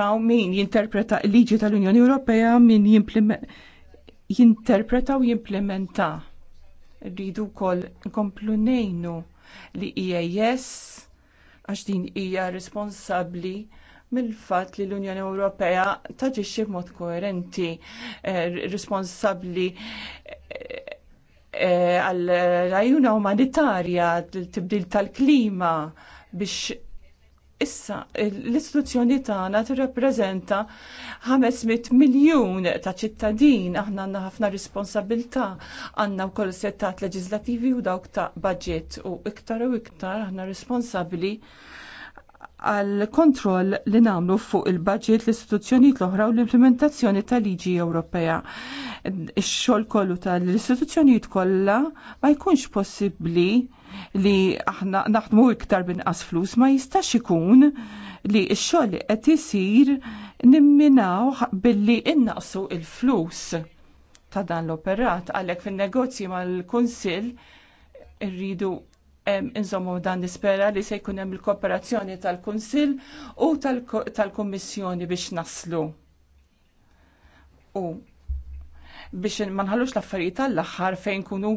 Għaw min jinterpreta liġi tal-Unjoni Ewropea min jinterpreta u jimplementa. Rridu kol nkomplu nejnu li IAS e għax din hija responsabli mill-fatt li l-Unjoni Ewropea taġixxi b'mod koerenti, eh, responsabbli eh, eh, għall-rajuna umanitarja, tibdil tal-klima biex Issa, l-istituzzjoni tagħna tirrappreżenta 500 miljun ta' ċittadin, aħna għandna ħafna responsabilità, għandna wkoll settat leġislattivi u dawk ta' budget u iktar u iktar aħna responsabbli għal kontroll li namlu fuq il-budget l-istituzzjonijiet l-oħra u l-implementazzjoni tal-liġi Ewropea. Ix-xogħol kollu tal-istituzzjonijiet kollha ma jkunx possibbli li aħna naħdmu iktar binqas flus ma jistax ikun li x-xogħol li qed isir nimminaw billi innaqsu il-flus ta' dan l-operat għalhekk fin-negozji mal-Kunsill irridu Inżommu dan nispera li se jkun hemm il-kooperazzjoni tal-Kunsill u tal-Kummissjoni biex naslu. U biex ma nħallux l-affarijiet tal-aħħar fejn kunu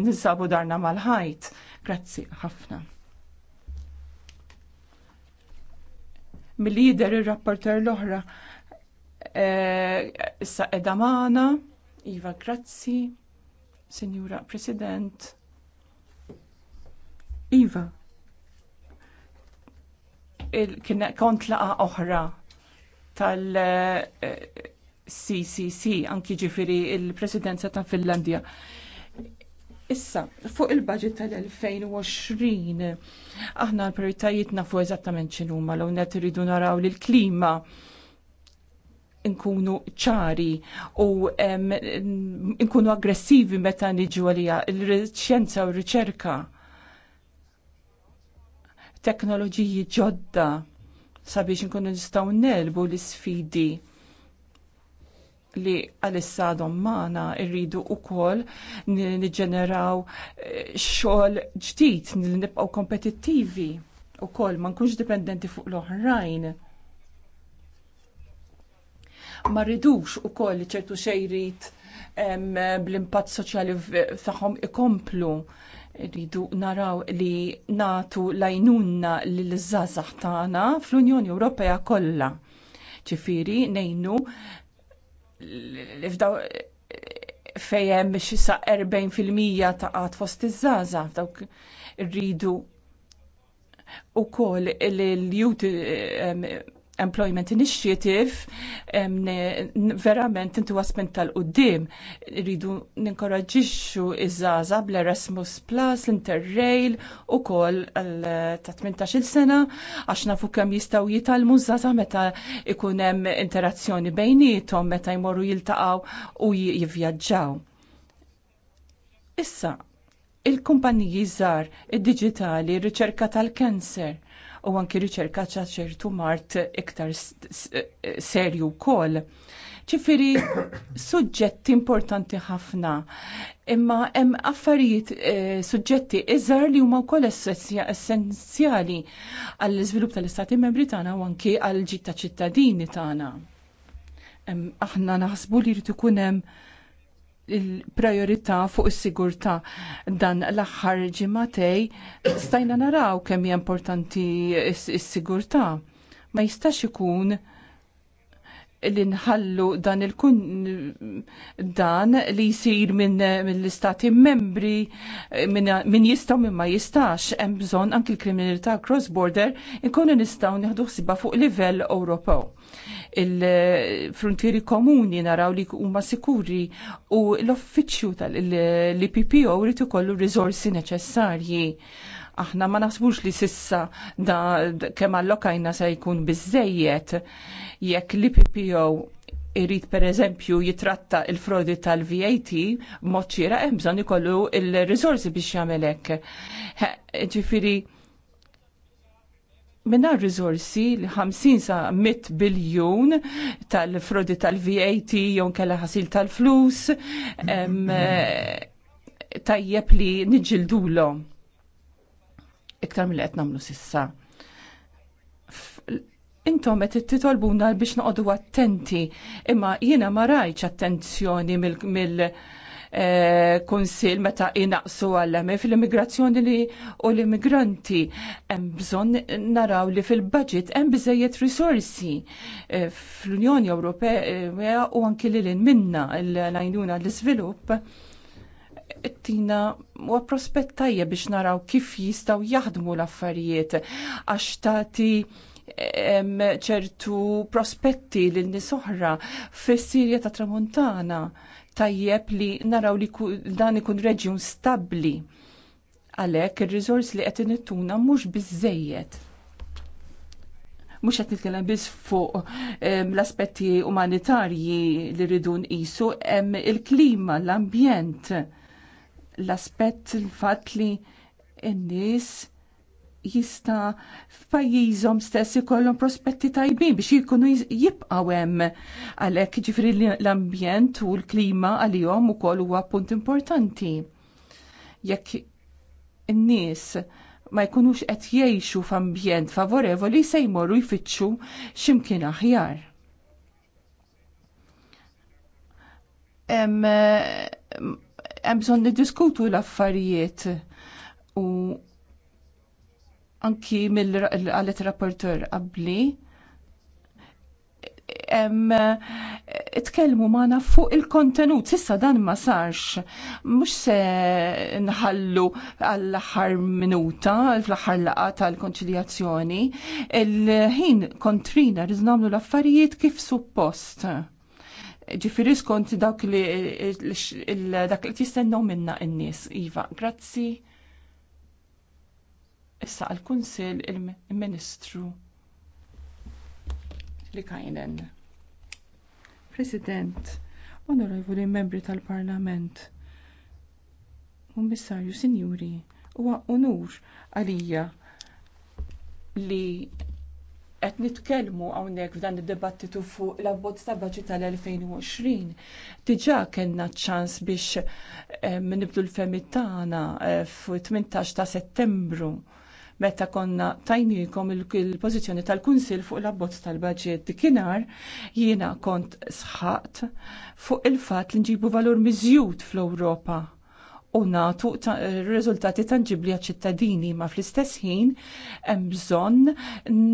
nisabu darna mal-ħajt. Grazzi ħafna. Mill-lider ir-rapporter l-oħra eh, issa edamana, Iva Grazzi, Sinjura President. Iva, kont laqa oħra tal-CCC, eh, anki ġifiri il-presidenza ta' Finlandija. Issa, fuq il-budget tal-2020, aħna l-prioritajiet nafu eżattament x'inhuma l net irridu naraw li l-klima nkunu ċari u nkunu aggressivi meta niġu għalija il-ċjenza u r-riċerka teknoloġiji ġodda sabiex nkunu nistgħu nelbu l-isfidi li għalissa għadhom magħna rridu wkoll niġġeneraw eh, xogħol ġdid li nibqgħu kompetittivi wkoll ma nkunx dipendenti fuq l-oħrajn. Ma rridux ukoll li ċertu xejrit bl-impatt soċjali tagħhom ikomplu rridu naraw li natu lajnuna l-żazax tagħna fl-Unjoni Ewropea kollha. Ċifieri nejnu f'daw fejem xi sa 40% ta' qatt fost iż-żaża dawk irridu ukoll l-jut Employment Initiative verament intu wasment tal-qoddim. Rridu ninkoraġixxu iż żaza bl-Erasmus Plus, l-Interrail u kol eh, ta' 18 sena għax nafu kemm jistgħu jitalmu żaza meta ikun hemm interazzjoni bejnietom meta jmorru jiltaqgħu u jivvjaġġaw. Issa, il-kumpaniji żgħar, id-diġitali, riċerka tal-kanser u anki riċerka ta' ċertu mart iktar serju wkoll. Ċifiri, suġġetti importanti ħafna, imma hemm affarijiet eh, suġġetti iżar li huma wkoll essenzjali għall-iżvilupp tal-Istati Membri tagħna u anki għall ġid ċittadini tagħna. Aħna naħsbu li jrid ikun hemm il-priorità fuq is-sigurtà dan l-aħħar ġimatej stajna naraw kemm hija importanti is-sigurtà. Ma jistax ikun li nħallu dan il-kun dan li jisir minn min l-istati membri minn min jistaw minn ma jistax hemm bżonn anki l-kriminalità cross border inkunu nistgħu nieħdu ħsiba fuq livell Ewropew. Il-frontieri komuni naraw li huma sikuri u l-offiċċju tal-PPO rritu ikollu rizorsi neċessarji Aħna ma naħsbux li sissa da, da kemm allokajna se jkun biżejjed jekk li PPO irrit per eżempju jitratta il-frodi tal-VAT mod ċira hemm eh, bżonn ikollu il-riżorsi biex jagħmel hekk. Ġifieri minna rizorsi li 50 sa 100 biljun tal-frodi tal-VAT jew kella ħasil tal-flus eh, tajjeb li niġildulhom iktar mill qed nagħmlu sissa. Intom qed titolbuna biex noqogħdu attenti, imma jiena ma rajtx attenzjoni mill eh, konsil meta inaqsu għallame fil-immigrazzjoni li u l-immigranti hemm bżonn naraw li fil-budget hemm biżejjed risorsi eh, fl-Unjoni Ewropea eh, u anki lil minna l-għajnuna l-iżvilupp tina u prospettajja biex naraw kif jistaw jaħdmu l-affarijiet għax tati ċertu prospetti lil nisoħra fis-Sirja ta' Tramuntana tajjeb li naraw li dan ikun reġjun stabbli għalhekk ir rizors li qed tuna mhux bizzejiet. mux għet nitkellem biss fuq l-aspetti umanitarji li rridu nqisu, hemm il-klima, l-ambjent l-aspett il-fatt li n-nies jista f'pajjiżhom stess ikollhom prospetti tajbin biex jikunu jibqgħu hemm. Għalhekk ġifri l-ambjent u l-klima għalihom ukoll huwa punt importanti. Jekk in-nies ma jkunux qed jgħixu f'ambjent favorevoli se jmorru jfittxu x'imkien aħjar. Em, hemm bżonn niddiskutu l-affarijiet u anki mill-għalet rapporter qabli itkellmu magħna fuq il-kontenut, sissa dan ma sarx. Mhux se nħallu għall-aħħar minuta, fl-aħħar laqgħa tal-konċiljazzjoni, il-ħin kontrina riżnamlu l-affarijiet kif suppost ġifiri skont dak li dak li tistennew minna n-nies. Iva, grazzi. Issa għal-Kunsil il-Ministru li kajnen. President, onorevoli membri tal-Parlament, Kummissarju Sinjuri, huwa unur għalija li qed nitkellmu hawnhekk f'dan id-dibattitu fuq l-abbozz ta' baġit tal-2020. Diġà kellna ċans biex eh, nibdu l-femit tagħna eh, fuq 18 ta' Settembru meta konna tajnikom il-pożizzjoni il tal-Kunsil fuq l-abbozz tal-baġit dikinhar jiena kont sħaqt fuq il-fatt li nġibu valur miżjud fl-Ewropa u natu riżultati tangibli għal-ċittadini ma fl-istess ħin hemm bżonn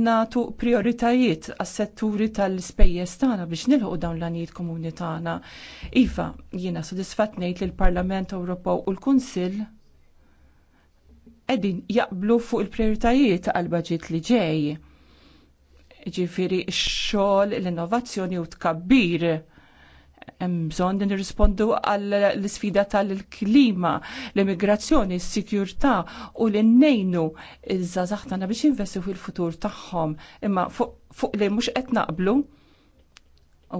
natu prioritajiet għas-setturi tal-ispejjeż tagħna biex nilħu dawn l-għanijiet komuni tagħna. Iva, jiena sodisfatt ngħid li l-Parlament Ewropew u l-Kunsill qegħdin jaqblu fuq il-prioritajiet għall baġit li ġej. Jiġifieri x-xogħol, l-innovazzjoni u tkabbir Hemm bżonn li nirrispondu għall-isfida tal-klima, l-immigrazzjoni, s-sikjurtà u li nnejnu iż-żazax tagħna biex jinvestu fil-futur tagħhom imma fuq li mhux qed naqblu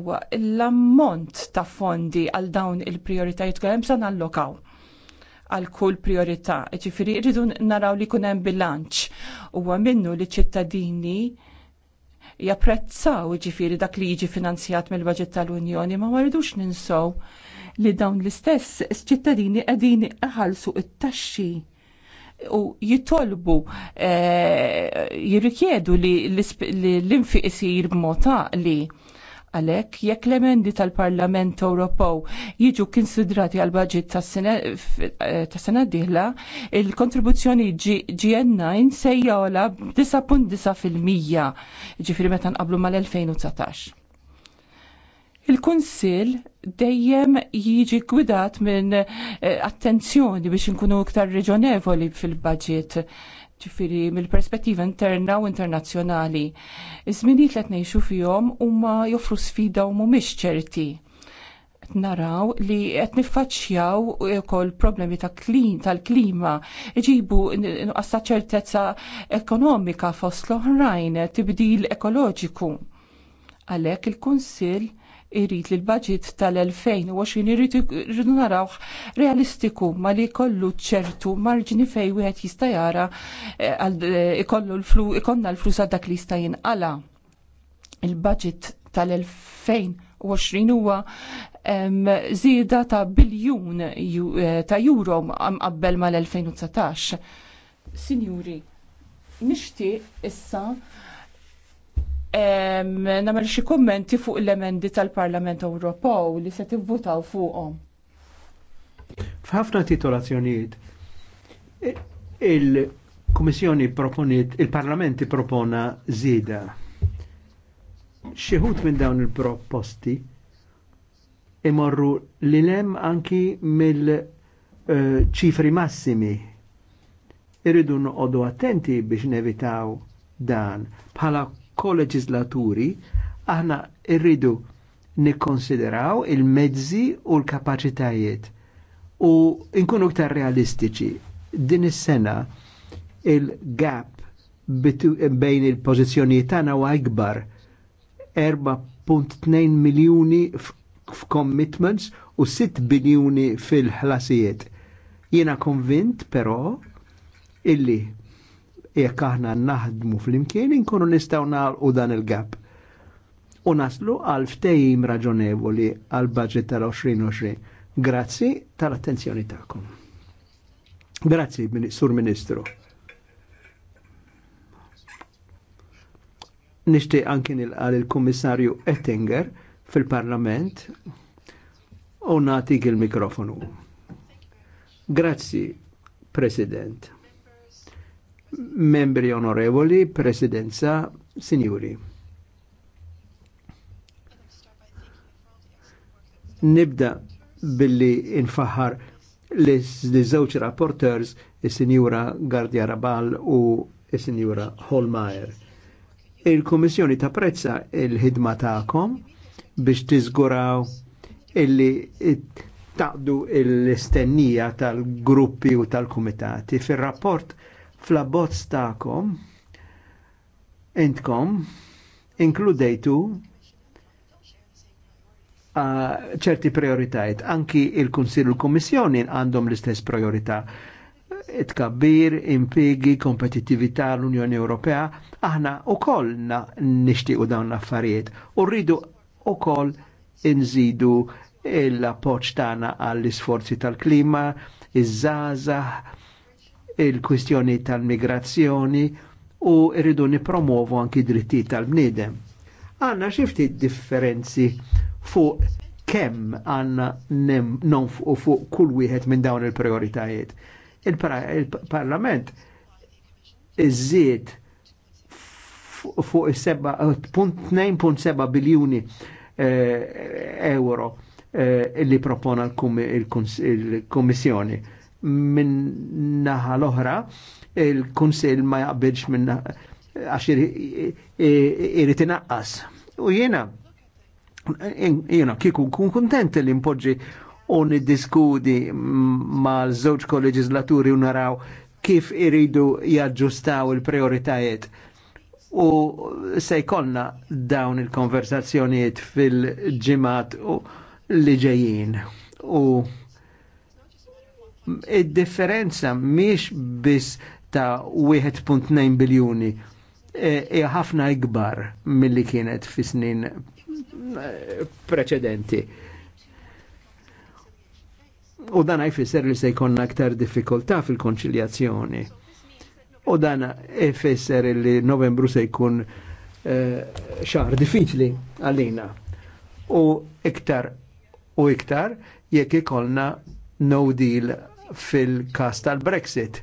huwa l-ammont ta' fondi għal dawn il-prioritajiet hemm bżonn allokaw għal kull priorità. Ġifieri rridu naraw li jkun hemm bilanċ. Huwa minnu li ċittadini japprezzaw ġifiri dak li jiġi finanzjat mill-budget tal-Unjoni, ma marridux ninsow li dawn l-istess ċittadini qegħdin iħallsu it-taxxi u jitolbu eh, jirrikjedu li l-infiq isir b'mod li Għalhekk jekk l-emendi tal-Parlament Ewropew jiġu konsidrati għal budget tas-sena d-dieħla, il-kontribuzzjoni GN9 se jola 9.9% ġifiri meta nqablu mal-2019. Il-Kunsill dejjem jiġi gwidat minn eh, attenzjoni biex inkunu iktar reġonevoli fil-budget ċifiri mill-perspettiva interna u internazzjonali. Iż-żminijiet li qed ngħixu fihom huma joffru sfida u mhumiex ċerti naraw li qed niffaċċjaw ukoll problemi ta' klin tal-klima iġibu nuqqasta ċertezza ekonomika fost l-oħrajn tibdil ekoloġiku. Għalhekk il-Kunsill irrit li l-budget tal-2020 irrit irridu narawh realistiku ma li kollu ċertu marġini fej wieħed jista' jara eh, eh, ikollu l-flu ikonna l-flus għaddak dak li jista' jinqala. Il-budget tal-2020 huwa zida ta' biljun eh, ta' euro qabel mal-2019. Signori, nishti issa namel xi kummenti fuq l-emendi tal-Parlament Ewropew li se tivvutaw fuqhom. F'ħafna titolazzjonijiet e, il-Kummissjoni proponiet, il-Parlamenti propona żieda. Xieħut minn dawn il-proposti imorru li lem anki mill-ċifri massimi. Irridu noqogħdu attenti biex nevitaw dan bħala koleġislaturi aħna irridu nikkonsideraw il-mezzi u l-kapacitajiet u nkunu iktar realistiċi. Din is-sena il-gap bejn il-pożizzjonijiet tagħna wa ikbar 4.2 miljuni f'commitments u 6 biljuni fil-ħlasijiet. Jiena konvint però illi jekk aħna naħdmu fl-imkien inkunu nistgħu nagħlqu dan il-gap. U naslu għal ftehim raġonevoli għal budget tal-2020. Grazzi tal-attenzjoni tagħkom. Grazzi, Sur Ministru. Nixtieq anki nilqal il-Kummissarju Ettinger fil-Parlament u nagħtik il-mikrofonu. Grazzi, President membri onorevoli, presidenza, signori. Nibda billi infaħar li żewġ rapporters, il sinjura Gardia Rabal u il sinjura Holmeyer. Il-Kommissjoni tapprezza il-ħidma tagħkom biex tiżguraw illi taqdu l-istennija tal-gruppi u tal-kumitati. Fil-rapport fl-abbozz tagħkom intkom inkludejtu ċerti prioritajiet. Anki il kunsill u l-Kommissjoni għandhom l-istess priorità. Tkabbir, impigi, kompetitività l-Unjoni Ewropea, aħna u koll nishtiqu dawn l-affarijiet. U rridu u koll inżidu l-appoċ tagħna għall-isforzi tal-klima, iż-żaza, il-kwistjoni tal-migrazzjoni u rridu nipromovu anki dritti tal-bniedem. Għanna xifti differenzi fuq kemm għanna nonfqu fuq kull wieħed minn dawn il-prioritajiet. Il-Parlament iżied fuq 2.7 biljuni eh, euro eh, li propona il-Kommissjoni minn naħa l-oħra, il-Kunsil ma jaqbilx minn għax irrit inaqqas. U jena, jena kiku kun kontent li impoġġi u diskudi ma l-żewġ kolleġislaturi u naraw kif iridu jaġġustaw il-prioritajiet. U se jkollna dawn il-konversazzjonijiet fil-ġimat li ġejjin. U id-differenza miex biss ta' 1.2 biljuni e, hija ħafna ikbar milli kienet fi snin e, preċedenti. U dan ifisser li se jkollna aktar diffikultà fil-konċiljazzjoni. U dan jfisser li novembru se jkun e, xahar diffiċli għalina. U iktar u iktar jekk ikollna no deal fil-kas tal-Brexit.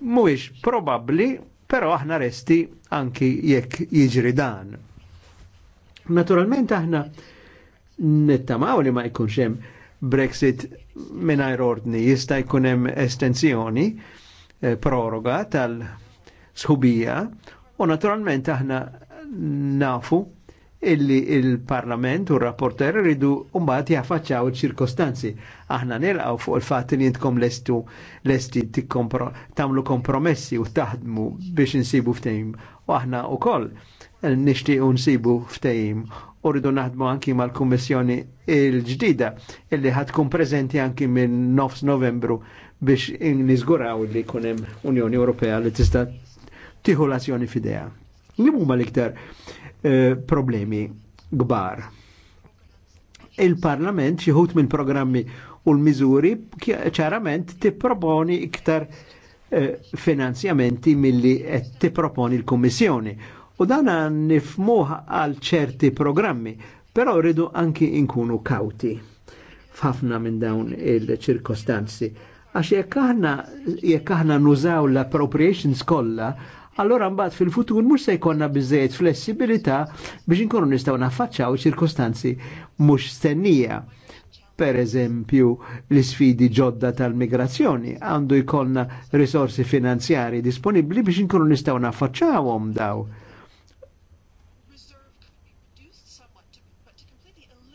Mhuwiex probabbli, però aħna resti anki jekk jiġri dan. Naturalment aħna nittamaw li ma jkunx hemm Brexit mingħajr ordni jista' jkun hemm estensjoni eh, proroga tal-sħubija u naturalment aħna nafu illi il-Parlament u r-rapporter rridu mbagħad jaffaċċaw iċ-ċirkostanzi. Aħna nilqgħu fuq il-fatt li jintkom lestu lesti tagħmlu kompromessi u taħdmu biex insibu f'tejm. U aħna wkoll nixtiequ nsibu ftehim u rridu naħdmu anki mal-Kummissjoni il-ġdida illi ħatkun preżenti anki minn 9 Novembru biex nizguraw li kunem Unjoni Ewropea li tista' tieħu l-azzjoni fidea. Li huma l-iktar Eh, problemi gbar. Il-Parlament xieħut minn programmi u l-miżuri ċarament tipproponi iktar eh, finanzjamenti milli tipproponi l-Kummissjoni. U dan nifmuħ għal ċerti programmi, però rridu anki inkunu kauti f'ħafna minn dawn il-ċirkostanzi. Għax jekk aħna nużaw l-appropriations kollha allora mbagħad fil-futur mhux se jkollna biżejjed flessibilità biex inkunu nistgħu naffaċċaw ċirkostanzi mhux stennija. Per eżempju, l isfidi ġodda tal-migrazzjoni għandu jkollna risorsi finanzjari disponibbli biex inkunu nistgħu naffaċċawhom daw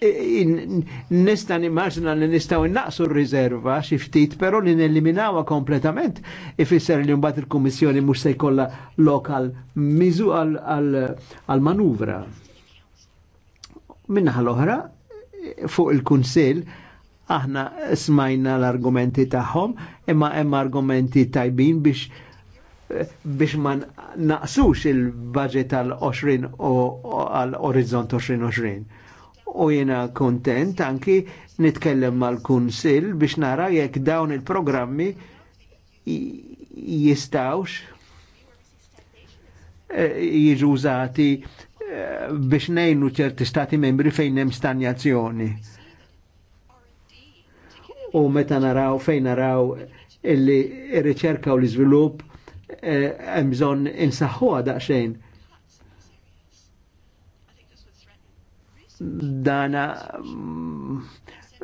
E, nista nimmaġna li nistaw innaqsu r-riserva xi ftit, però li neliminawa kompletament ifisser li mbagħad il-Kummissjoni mhux se jkollha lokal miżu għal manuvra. Minnaħa l-oħra fuq il-Kunsill aħna smajna l-argumenti tagħhom, imma hemm argumenti tajbin biex biex ma naqsux il-budget għal-20 u għal-orizzont 2020 u jena kontent anki nitkellem mal-Kunsil biex nara jekk dawn il-programmi jistawx eh, jiġu eh, biex nejnu ċerti stati membri fejn hemm stanjazzjoni. U meta naraw fejn naraw illi riċerka u l-iżvilupp eh, hemm bżonn insaħħuha daqsxejn dana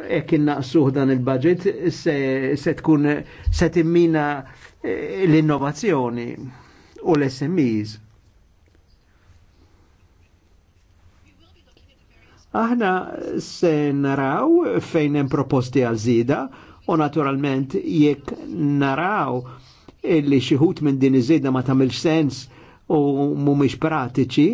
jekk innaqsuh dan il-budget se, se tkun se timmina eh, l-innovazzjoni u l-SMEs. Aħna se naraw fejn hemm proposti għal żieda u naturalment jekk naraw illi xi ħut minn din iż-żieda ma tagħmilx sens u mhumiex pratiċi,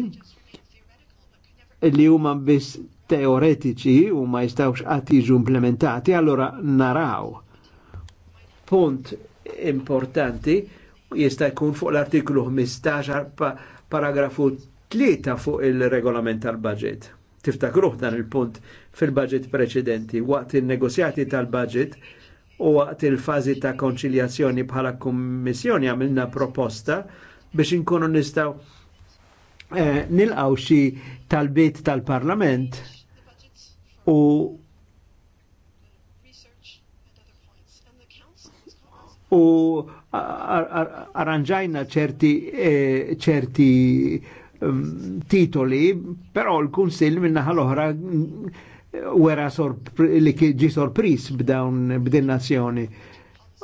li huma biss teoretiċi u ma jistawx jiġu implementati, allora naraw. Punt importanti jista' jkun fuq l-artiklu 15 paragrafu 3 fuq il-regolament tal-budget. Tiftakruh dan il-punt fil-budget preċedenti waqt il-negozjati tal-budget u waqt il-fazi ta' konċiljazzjoni bħala kummissjoni għamilna proposta biex inkunu nistaw Eh, nilqaw xi tal-bit tal-Parlament u u arranġajna ċerti eh, ċerti mm, titoli, però l-Kunsil minna ħal oħra mm, wera li ġi sorpris b'dawn b'din-nazzjoni.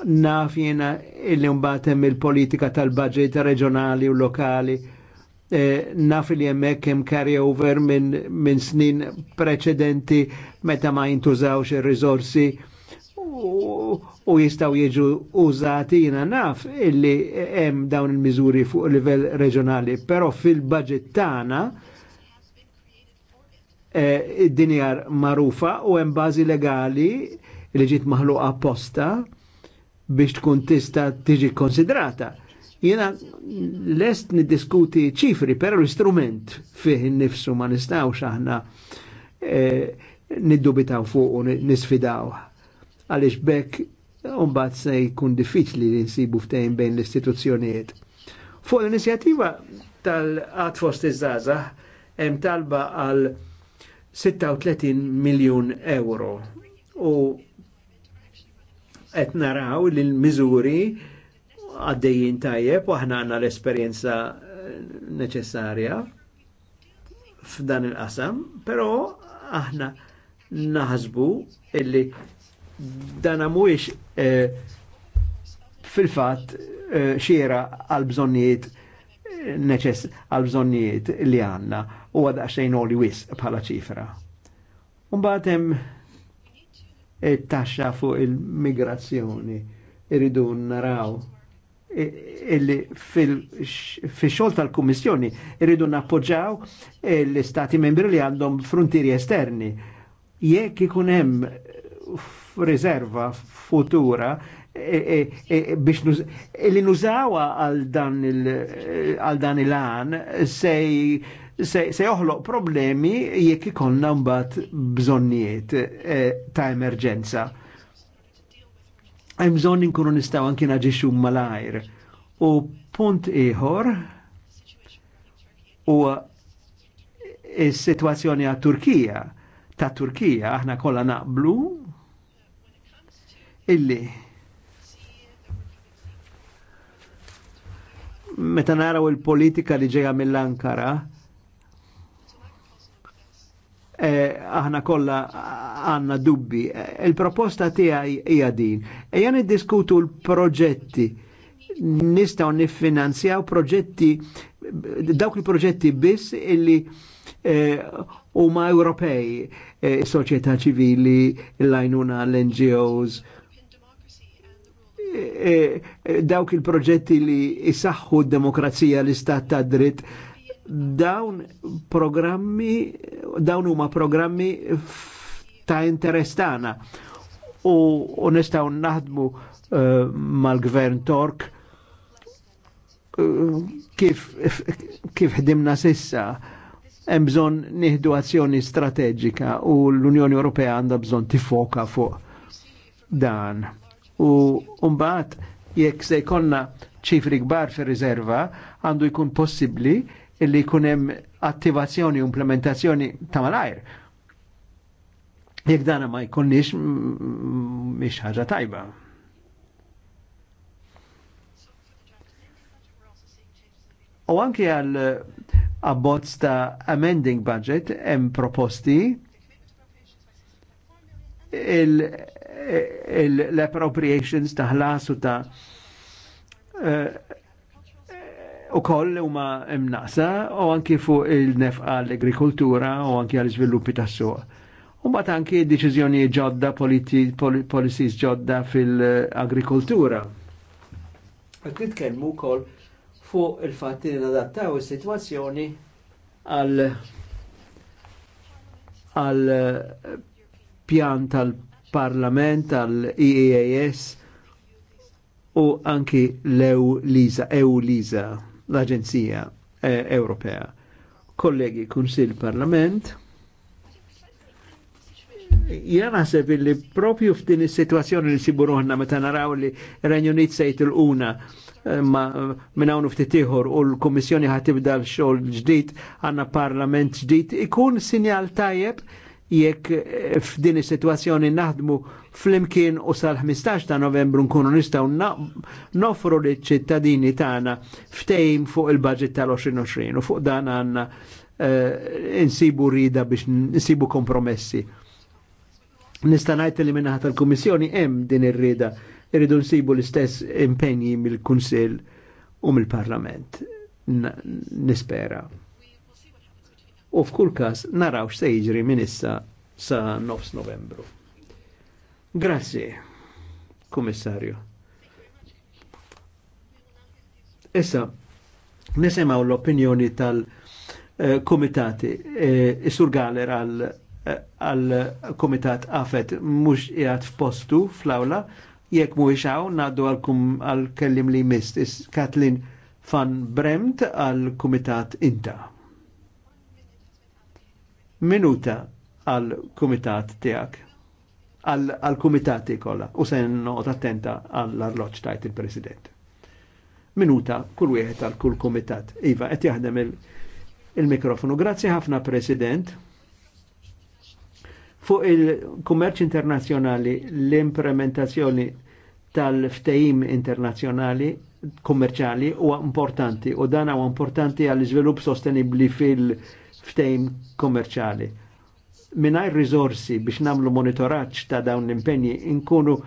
Naf jena il-li mbatem il-politika tal-budget regionali u lokali Eh, naf li jemmek jem carryover minn min snin preċedenti meta ma jintużawx il-rizorsi u, jistaw jieġu użati jina naf illi hemm dawn il-miżuri fuq livell reġjonali, però fil-budget tagħna eh, id-dinjar marufa u hemm bażi legali li ġiet maħluqa apposta biex tkun tista' tiġi konsidrata Jena lest niddiskuti ċifri, pero l-istrument fih nifsu ma nistawx aħna eh, niddubitaw fuq u nisfidaw. Għalix bekk unbat se jkun diffiċli li nsibu ftejn bejn l-istituzzjonijiet. Fuq l inizjativa tal atfost Iż-Żaza hemm talba għal 36 miljun euro u qed naraw li l-miżuri għaddejjin tajjeb u aħna għandna l-esperjenza eh, neċessarja f'dan il-qasam, però aħna naħsbu illi dan mhuwiex eh, fil-fatt eh, xiera għal bżonnijiet neċess għal bżonnijiet li għanna u għadda xejn li wis bħala ċifra. Mbagħad hemm it-taxxa fuq il-migrazzjoni irridu naraw illi fil-xol tal-Kummissjoni irridu nappoġġaw l-Stati membri li għandhom frontieri esterni. Jekk ikun hemm riserva futura e- e- e- biex li nużawa għal dan il-għan se joħloq problemi jekk ikonna mbagħad bżonnijiet ta' emerġenza hemm bżonn inkunu nistgħu anki naġixxu malajr. U punt ieħor u is situazzjoni għat Turkija ta' Turkija aħna kolla naqblu illi meta naraw il-politika li ġeja mill-Ankara Eh, aħna kollha għanna dubbi. Il-proposta tiegħi hija din. Ejja niddiskutu l-proġetti nistgħu niffinanzjaw proġetti dawk il-proġetti biss illi eh, huma eh, Ewropej, eh, soċjetà ċivili, l-għajnuna l-NGOs, eh, eh, dawk il-proġetti li jisaxħu d-demokrazija l-istat ta' dritt dawn programmi, dawn huma programmi ta' interess tagħna u, u nistgħu naħdmu uh, mal-gvern Tork uh, kif kif ħdimna sissa hemm bżonn nieħdu azzjoni strateġika u l-Unjoni Ewropea għandha bżonn tifoka fuq dan. U mbagħad jekk se jkollna ċifri kbar fir riserva għandu jkun possibbli illi kunem attivazzjoni u implementazzjoni ta' malajr. Jek dana ma jkunnix miex ħaġa tajba. U anki għal abbozz ta' amending budget hemm proposti l-appropriations ta' ħlasu ta' eh, u koll u ma imnaqsa u anki fuq il-nefqa l-agrikultura u anki għal-izviluppi ta' suq U bat anki deċizjoni ġodda, policies ġodda fil agrikultura Għet nitkelmu kol fuq il-fat li nadattaw il-situazzjoni għal għal pjan tal-parlament, tal-EEAS u anki l eu -Liza l-Aġenzija eh, Ewropea. Kollegi Kunsil Parlament, jena naħseb illi propju f'din is-sitwazzjoni li siburuħna meta naraw li Renjunit se jitilquna eh, ma minn hawn ftit ieħor u l-Kummissjoni ħatibda l-xogħol ġdid għandna parlament ġdid ikun sinjal tajjeb jekk eh, f'din is-sitwazzjoni naħdmu flimkien u sal-15 ta' novembru nkunu nistgħu nofru li ċittadini tagħna ftejm fuq il-budget tal-2020 u fuq dan għandna eh, insibu rida biex insibu kompromessi. Nista' ngħid li minnaħat tal-Kummissjoni hemm din ir-rida irridu nsibu l-istess impenji mill-Kunsill u mill-Parlament. Nispera u f'kull każ naraw se jiġri minn issa sa nofs Novembru. Grazzi, Kummissarju. Issa, nisemaw l-opinjoni tal-komitati, e, Sur Galer għal-komitat għafet mux jgħat f'postu fl-awla, jekk mu ixaw naddu għal-kellim li mist, Katlin fan Bremt għal-komitat inta minuta għal kumitat tiegħek għal kumitati kollha u se not attenta għall arloġġ tajt il-President. Minuta kull wieħed għal kull kumitat. Iva qed jaħdem il-mikrofonu. Grazzi ħafna President fuq il-kummerċ internazzjonali l-implementazzjoni tal-ftehim internazzjonali kummerċali huwa importanti u dan huwa importanti għall iżvilupp sostenibbli fil- ftejm kommerċali. Minaj rizorsi biex namlu monitoraċ ta' dawn l-impenji inkunu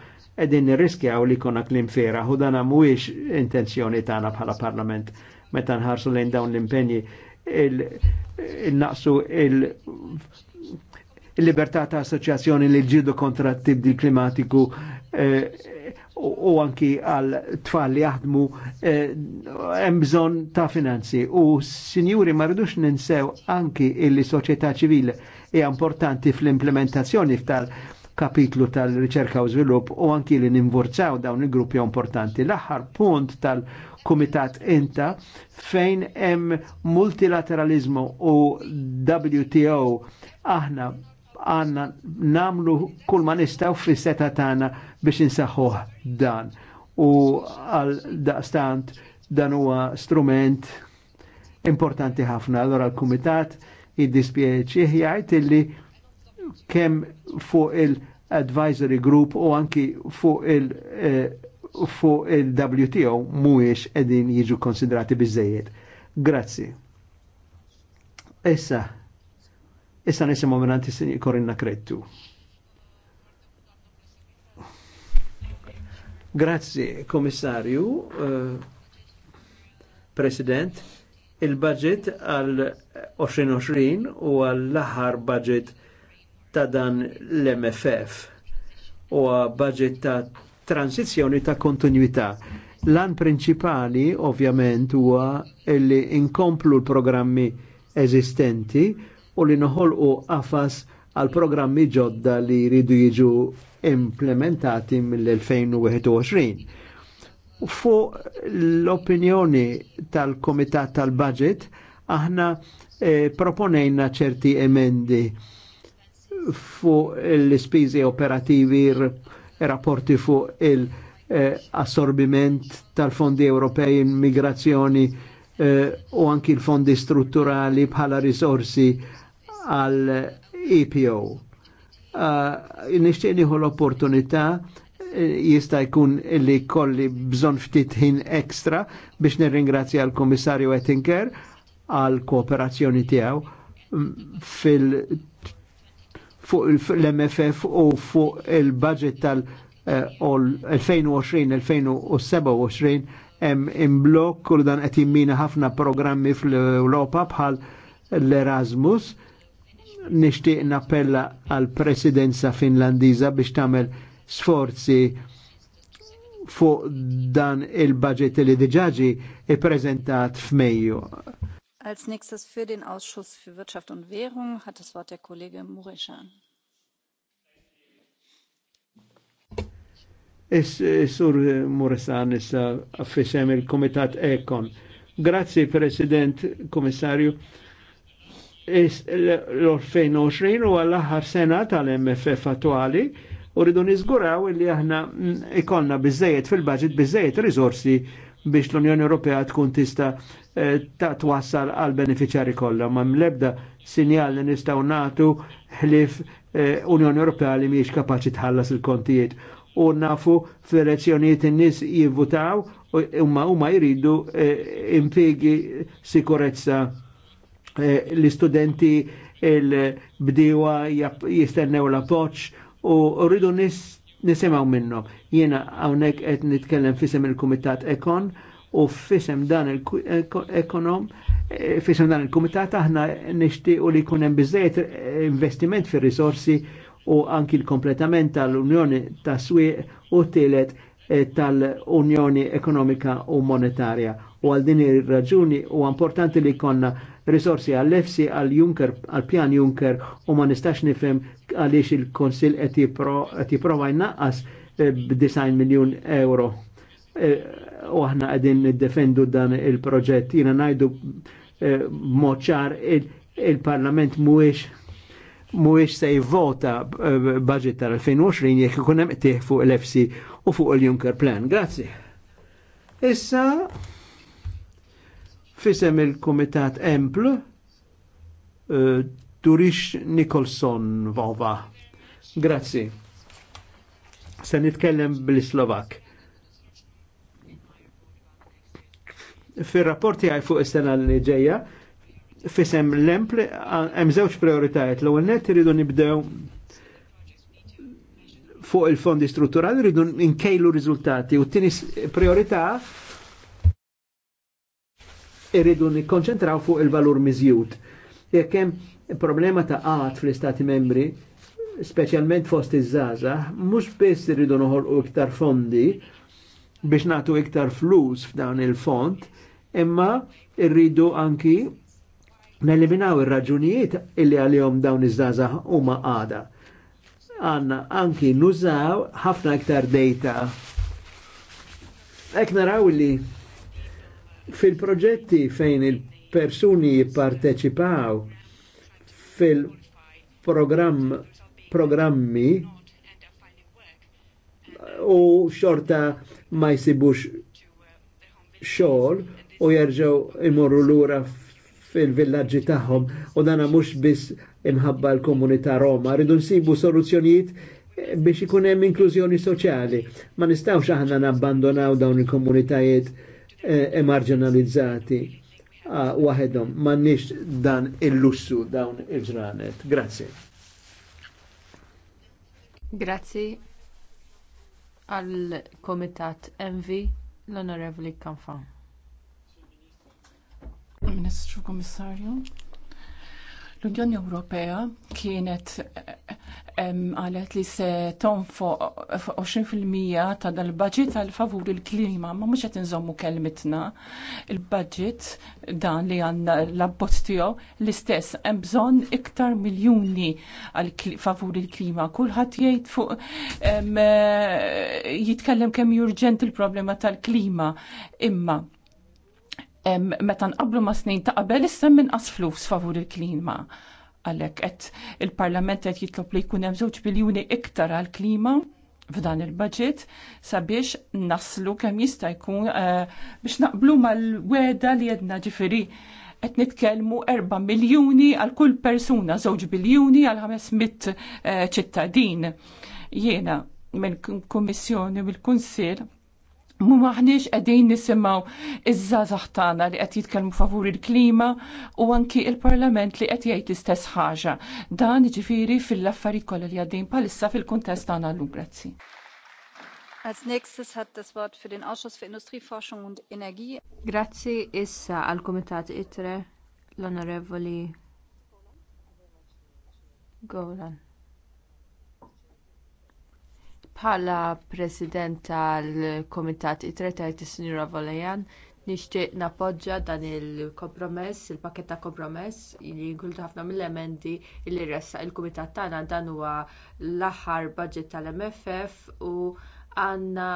edin nirriskjaw li konna klim fera u dan mhuwiex intenzjoni tagħna bħala parlament meta nħarsu lejn dawn l-impenji il-naqsu il il-libertà ta' assoċjazzjoni li ġidu kontra t-tibdil klimatiku eh, u anki għal tfal li jaħdmu eh, hemm bżonn ta' finanzi. U sinjuri ma rridux ninsew anki illi soċjetà ċivile hija importanti fl-implementazzjoni f'tal kapitlu tal-riċerka u żvilupp u anki li ninvorzaw dawn il-gruppi importanti. L-aħħar punt tal-Kumitat Inta fejn hemm multilateralizmu u WTO aħna għanna namlu kull ma nistaw fi seta tagħna biex insaħħuh dan. U għal daqstant dan huwa strument importanti ħafna. Allora l-Kumitat id-dispieċi jgħid illi kemm fuq il-advisory group u anki fuq il- eh, fuq il-WTO mhuwiex qegħdin jiġu konsidrati biżejjed. Grazzi. Issa, Issa nisimgħu minn Korinna Krettu. Grazie, Komissarju, uh, President, il-budget għal 2020 u għall laħar budget ta' dan l-MFF u budget ta' transizjoni ta' kontinuità. L-an prinċipali, ovvjament, huwa li inkomplu l-programmi eżistenti u li noħolqu qafas għal programmi ġodda li jridu jiġu implementati mill-2021. Fuq l-opinjoni tal-Komitat tal-Budget, aħna eh, proponejna ċerti emendi fuq l ispiżi operativi, rapporti fuq il-assorbiment eh, tal-fondi Ewropej, Migrazzjoni eh, u anki l-fondi strutturali bħala risorsi għal EPO. Uh, nishtiq nieħu l-opportunità eh, jista' jkun li kolli bżon ftit ħin ekstra biex nirringrazzja l-Komissarju Ettinger għal kooperazzjoni tiegħu mm, fil fuq l-MFF u fuq il-budget tal-2020-2027 eh, hemm imblok kull dan qed jimmina ħafna programmi fl-Ewropa bħal l-Erasmus nishtiq nappella għal presidenza finlandiza biex tamel sforzi fuq dan il-budget li diġaġi i-prezentat f'Mejju. Als nächstes für den Ausschuss für Wirtschaft und Währung hat das Wort der Kollege Mureschan. Is-sur is Muresan äh, issa il-Komitat Ekon. Grazie, President, Komissarju l-2020 u għall-aħħar sena tal-MFF attuali u rridu niżguraw li aħna ikolna biżejjed fil-budget biżejjed risorsi biex l-Unjoni Ewropea tkun tista eh, ta' twassal għal beneficjari kollha ma mlebda sinjal li nistgħu nagħtu ħlif eh, Unjoni Ewropea li mhijiex kapaċi tħallas il-kontijiet u nafu fil elezzjonijiet in-nies jivvutaw huma huma jridu eh, impiegi sikurezza Eh, l-istudenti il-bdiwa jistennew la poċ u rridu nisimaw minnom. Jena għawnek għet nitkellem fisem il-Kumitat Ekon u fisem dan il-ekonom eh, fisem dan il-Kumitat aħna u li kunem bizzejt eh, investiment fir risorsi u anki l-kompletament tal-Unjoni ta' Swieq u telet Eh, tal-Unjoni Ekonomika u Monetarja. U għal din ir-raġuni u importanti li konna risorsi għal Lefsi għal junker għall-Pjan Junker u ma nistax nifhem għaliex il-Konsil qed jipprova jnaqqas eh, b'9 miljun euro. Eh, u aħna qegħdin niddefendu dan il-proġett. Jiena ngħidu moċar il-Parlament mhuwiex mhuwiex se jivvota budget tal-2020 jekk ikun hemm fuq l-FC u fuq il junker Plan. Grazzi. Issa fisem il-Kumitat Empl eh, uh, Nicholson Vova. Grazzi. Se nitkellem bil slovak Fir-rapporti għaj fuq is-sena li ġeja, Fisem l-empl hemm żewġ prioritajiet. L-ewwel net iridu nibdew fuq il-fondi strutturali rridu nkejlu riżultati u t-tieni priorità irridu nikkonċentraw fuq il-valur miżjud. Jekk hemm problema ta' qat fl-Istati membri, specialment fost iż-żaża, mhux biss irridu noħolqu iktar fondi biex nagħtu iktar flus f'dan il-fond, imma irridu anki neliminaw ir-raġunijiet illi għalihom dawn iż-żaza huma għada. Għanna anki nużaw ħafna iktar data. Ek naraw li fil-proġetti fejn il-persuni jipparteċipaw fil programmi u xorta ma jisibux xol u jerġgħu imorru lura fil-villagġi tagħhom u dana mhux biss imħabba l-komunità Roma, rridu nsibu soluzzjonijiet biex ikun hemm inklużjoni soċjali. Ma nistgħux aħna nabbandonaw dawn il-komunitajiet eh, emarġinalizzati ah, waħedhom. M'għandniex dan il-lussu dawn il-ġranet. Grazzi. Grazzi għal komitat MV l-Onorevoli Kanfan. Ministru Komissarju. L-Unjoni Ewropea kienet għalet li se tonfo 20% ta' dal-budget għal favur il-klima, ma mhux qed inżommu kelmitna. Il-budget dan li għandna l-abbozz tiegħu l-istess hemm bżonn iktar miljuni għal favur il-klima. Kulħadd jgħid fuq eh, jitkellem kemm jurġent il-problema tal-klima. Imma meta nqablu ma' snin ta' qabel issa minn flus favur il-klima. Għalhekk qed il-Parlament qed jitlob li jkun hemm żewġ biljuni iktar għall-klima f'dan il-budget sabiex naslu kemm jista' jkun eh, biex naqblu mal-weda li jedna ġifiri qed nitkellmu 4 miljuni għal kull persuna, żewġ biljuni għal 500 eh, ċittadin. Jiena minn kummissjoni mill-Kunsill Mu maħniex għedin nisimaw iż-żazax li qed jitkelmu favur il-klima u anki il-Parlament li qed jajt l-istess ħaġa. Dan ġifiri fil laffari koll li għedin palissa fil kontest għana l grazzi. Als nächstes hat das Wort für den Ausschuss für Industrie, Forschung und Energie. Grazie issa al Komitat ITRE l'onorevoli Golan. Bħala President tal kumitat it-Retajt is-Sinjura Volejan, nixtieq nappoġġja dan il-kompromess, il-pakket ta' kompromess li jinkludu ħafna mill-emendi li ressaq il-kumitat tagħna dan huwa l-aħħar budget tal-MFF u għandna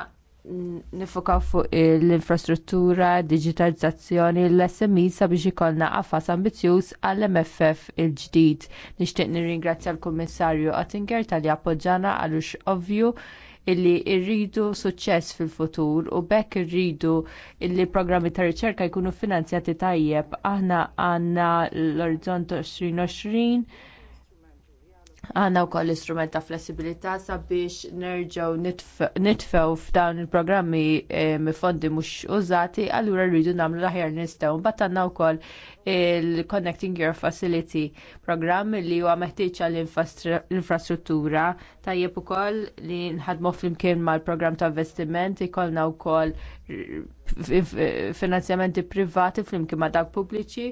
nifokaw fuq l-infrastruttura, digitalizzazzjoni, l-SMI sabiex ikollna qafas ambizjuż għall-MFF il-ġdid. Nixtieq nirringrazzja l-Kummissarju Oettinger tal-li appoġġana għalux ovvju illi rridu suċċess fil-futur u bekk irridu illi programmi ta' riċerka jkunu finanzjati tajjeb. Aħna għandna l-Orizzont 2020 għanna u koll istrument ta' flessibilità sabiex nerġaw nitfew f'dawn il-programmi e, fondi mux użati, allura rridu namlu laħjar nistaw. Bat għanna u koll il-Connecting Your Facility program li huwa meħtieġ għall infrastruttura tajjeb ukoll li nħadmu flimkien mal-programm ta' investiment ikollna wkoll finanzjamenti privati flimkien ma' dak pubbliċi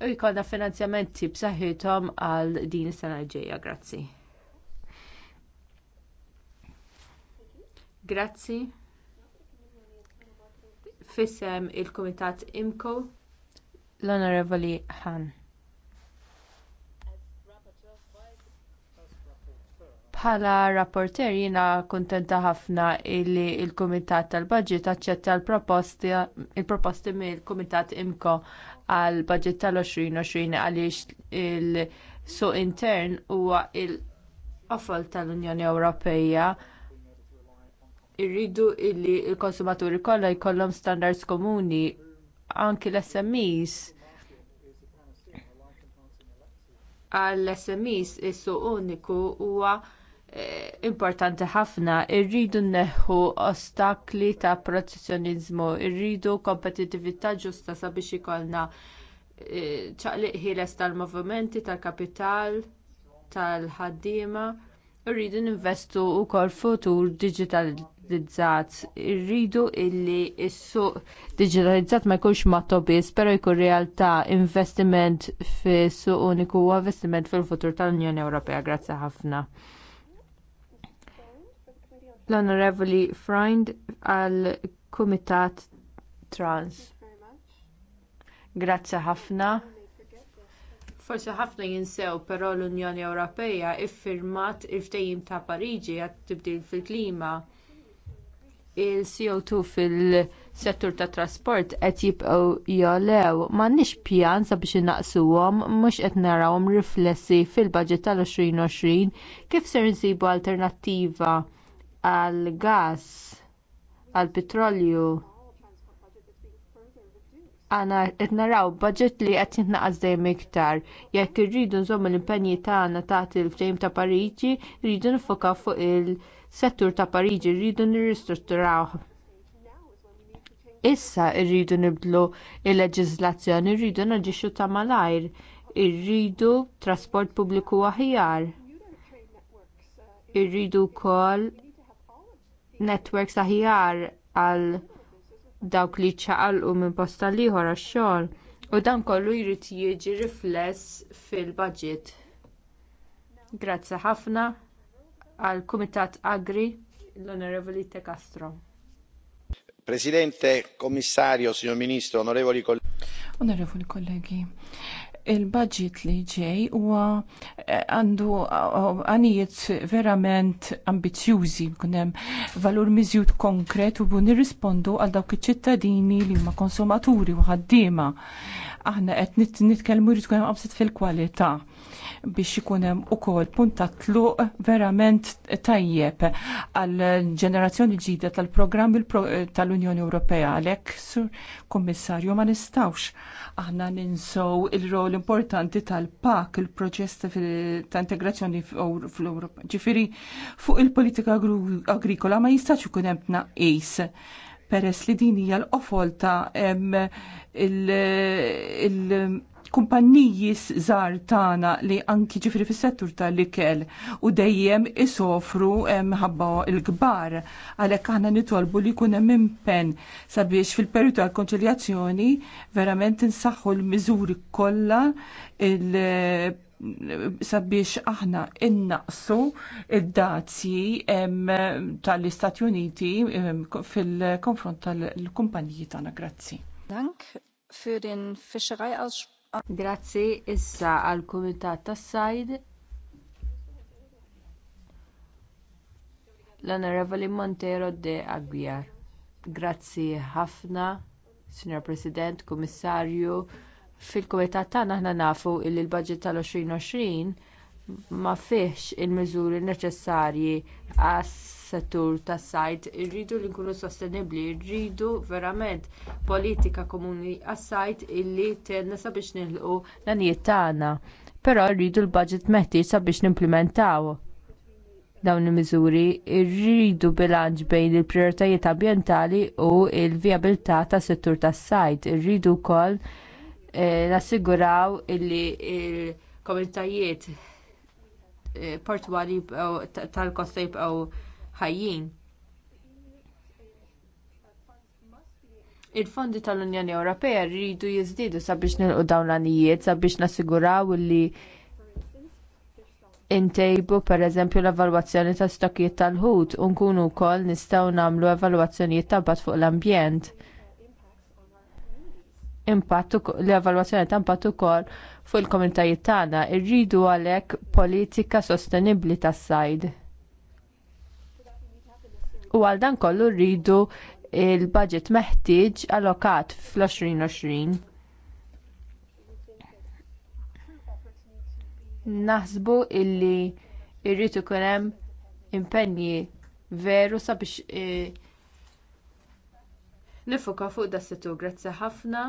u jkollna finanzjamenti b'saħħithom għal din is-sena ġejja. Grazzi. Grazzi. Fissem il-Kumitat IMCO l-Onorevoli Han. bħala rapporter jiena kuntenta ħafna li l-kumitat tal-baġit aċċetta l-proposti mill-kumitat imko għal budget tal-2020 għaliex il-suq intern huwa l qofol tal-Unjoni Ewropea irridu illi l il konsumaturi kollha jkollhom standards komuni anki l-SMEs għall smes is-suq uniku huwa Eh, importanti ħafna irridu nneħħu ostakli ta' protezzjonizmu, irridu kompetitività ġusta sabiex ikollna eh, ċaqliq ħieles tal-movimenti, tal-kapital, tal-ħaddiema, irridu ninvestu wkoll futur digitalizzat, irridu illi s-suq digitalizzat ma jkunx matto biss, però jkun realtà investiment fis suq uniku u investiment fil-futur tal-Unjoni Ewropea. Grazzi ħafna l-Onorevoli Freund għal Kumitat Trans. Grazzi ħafna. Forsi ħafna jinsew, però l-Unjoni Ewropea iffirmat il-ftehim ta' Pariġi għat tibdil fil-klima il-CO2 fil-settur tat trasport qed jibqgħu jolew m'għandniex pjan sabiex innaqsuhom mhux qed narawhom riflessi fil-baġġett tal-2020 kif ser insibu alternattiva għall-gass, għall petrolju għana qed naraw budget li qed jitnaqqas dejjem iktar. Jekk irridu nżommu l-impenji tagħna taħt il-ftehim ta' Pariġi, rridu nifokaw fuq il-settur ta' Pariġi, rridu nirristrutturawh. Issa rridu nibdlu il-leġiżlazzjoni, rridu naġixxu ta' malajr, irridu trasport pubbliku aħjar. Irridu wkoll netwerk aħjar għal dawk li ċaqalqu minn posta ieħor għax-xogħol u dan kollu jrid jiġi rifless fil budget Grazzi ħafna għall Kumitat Agri l-Onorevoli Te Castro. Presidente, Commissario, Signor Ministro, Onorevoli colleghi. Onorevoli kollegi, il-budget li ġej huwa eh, għandu eh, għanijiet verament ambizjużi kunem valur miżjud konkret u nirrispondu għal dawk iċ-ċittadini li huma konsumaturi u ħaddiema. Aħna qed nitkellmu jrid tkun hemm fil-kwalità biex ikun hemm ukoll punt ta' tluq verament tajjeb għall ġenerazzjoni ġdida tal-programm tal-Unjoni Ewropea għalhekk sur Kummissarju ma nistgħux aħna ninsow il-rol importanti tal-PAK il-proġest ta' integrazzjoni fl-Ewropa. Ġifieri fuq il-politika agrikola ma jistax ikun hemm tnaqqis peress li din hija l-qofol ta' il- kumpanniji zar tagħna li anki ġifri fis-settur tal-ikel u dejjem isofru eh, mħabba il kbar għalhekk aħna nitolbu li jkun hemm impenn sabiex fil-perju tal-konċiljazzjoni verament insaħħu l-miżuri kollha il sabiex aħna innaqsu id dazi tal-Istati Uniti fil-konfront tal-kumpaniji tagħna. Grazzi. Dank für den Fischereiausschuss Grazzi issa għall kumitat tas-Sajd. L-Onorevoli Montero de Aguiar. Grazzi ħafna, Signor President, Kummissarju. Fil-Kumitat tagħna aħna nafu li l-budget tal-2020 ma fihx il-miżuri neċessarji għas settur tas-sajd irridu li nkunu sostenibbli rridu verament politika komuni għas-sajd illi tenna sabiex nilħqu l-għanijiet tagħna però rridu l-baġit meħtieġ sabiex nimplementaw dawn il-miżuri rridu bilanċ bejn il-prijoritajiet ambjentali u l-vijabilità tas-settur tas-sajd irridu wkoll eh, nassiguraw illi l komunitajiet eh, portwali tal-kosta jibqgħu ħajjin. Il-fondi tal-Unjoni Ewropea rridu jiżdiedu sabiex nilqu dawn l-anijiet sabiex nassiguraw li intejbu pereżempju l-evalwazzjoni ta' stokkijiet tal-ħut u nkunu wkoll nistgħu nagħmlu evalwazzjonijiet ta' fuq l-ambjent impatt l-evalwazzjoni ta' impatt ukoll fuq il-komunitajiet tagħna rridu għalhekk politika sostenibbli tas-sajd u għal dan kollu rridu l budget meħtieġ allokat fl-2020. Naħsbu illi irrid ikun hemm impenji veru sabiex e, fuq da settur grazzi ħafna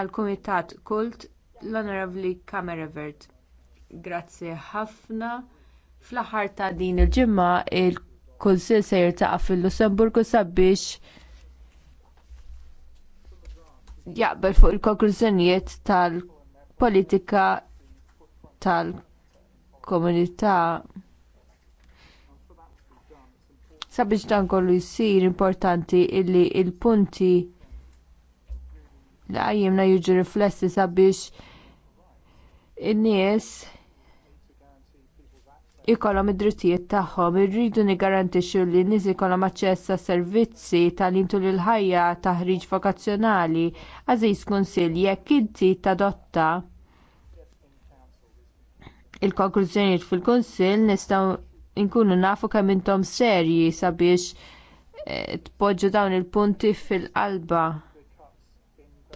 għal kumitat kult l-Honorable Kamerevert. Grazzi ħafna. Fl-aħħar ta' din il-ġimgħa il-Kunsill se jirtaqa' fil-Lussemburgu sabiex jaqbel fuq il-konklużjonijiet tal-politika tal-komunità sabiex dan kollu jsir importanti illi l il punti li għajjimna jiġu riflessi sabiex in-nies ikollhom id-drittijiet tagħhom. Irridu niggarantixxu li n-nies ikollhom aċċess għas servizzi tal-intu il ħajja taħriġ vokazzjonali għażiż kunsill jekk inti tadotta il-konklużjonijiet fil-kunsill nistgħu nkunu nafu kemm intom serji sabiex eh, tpoġġu dawn il-punti fil-qalba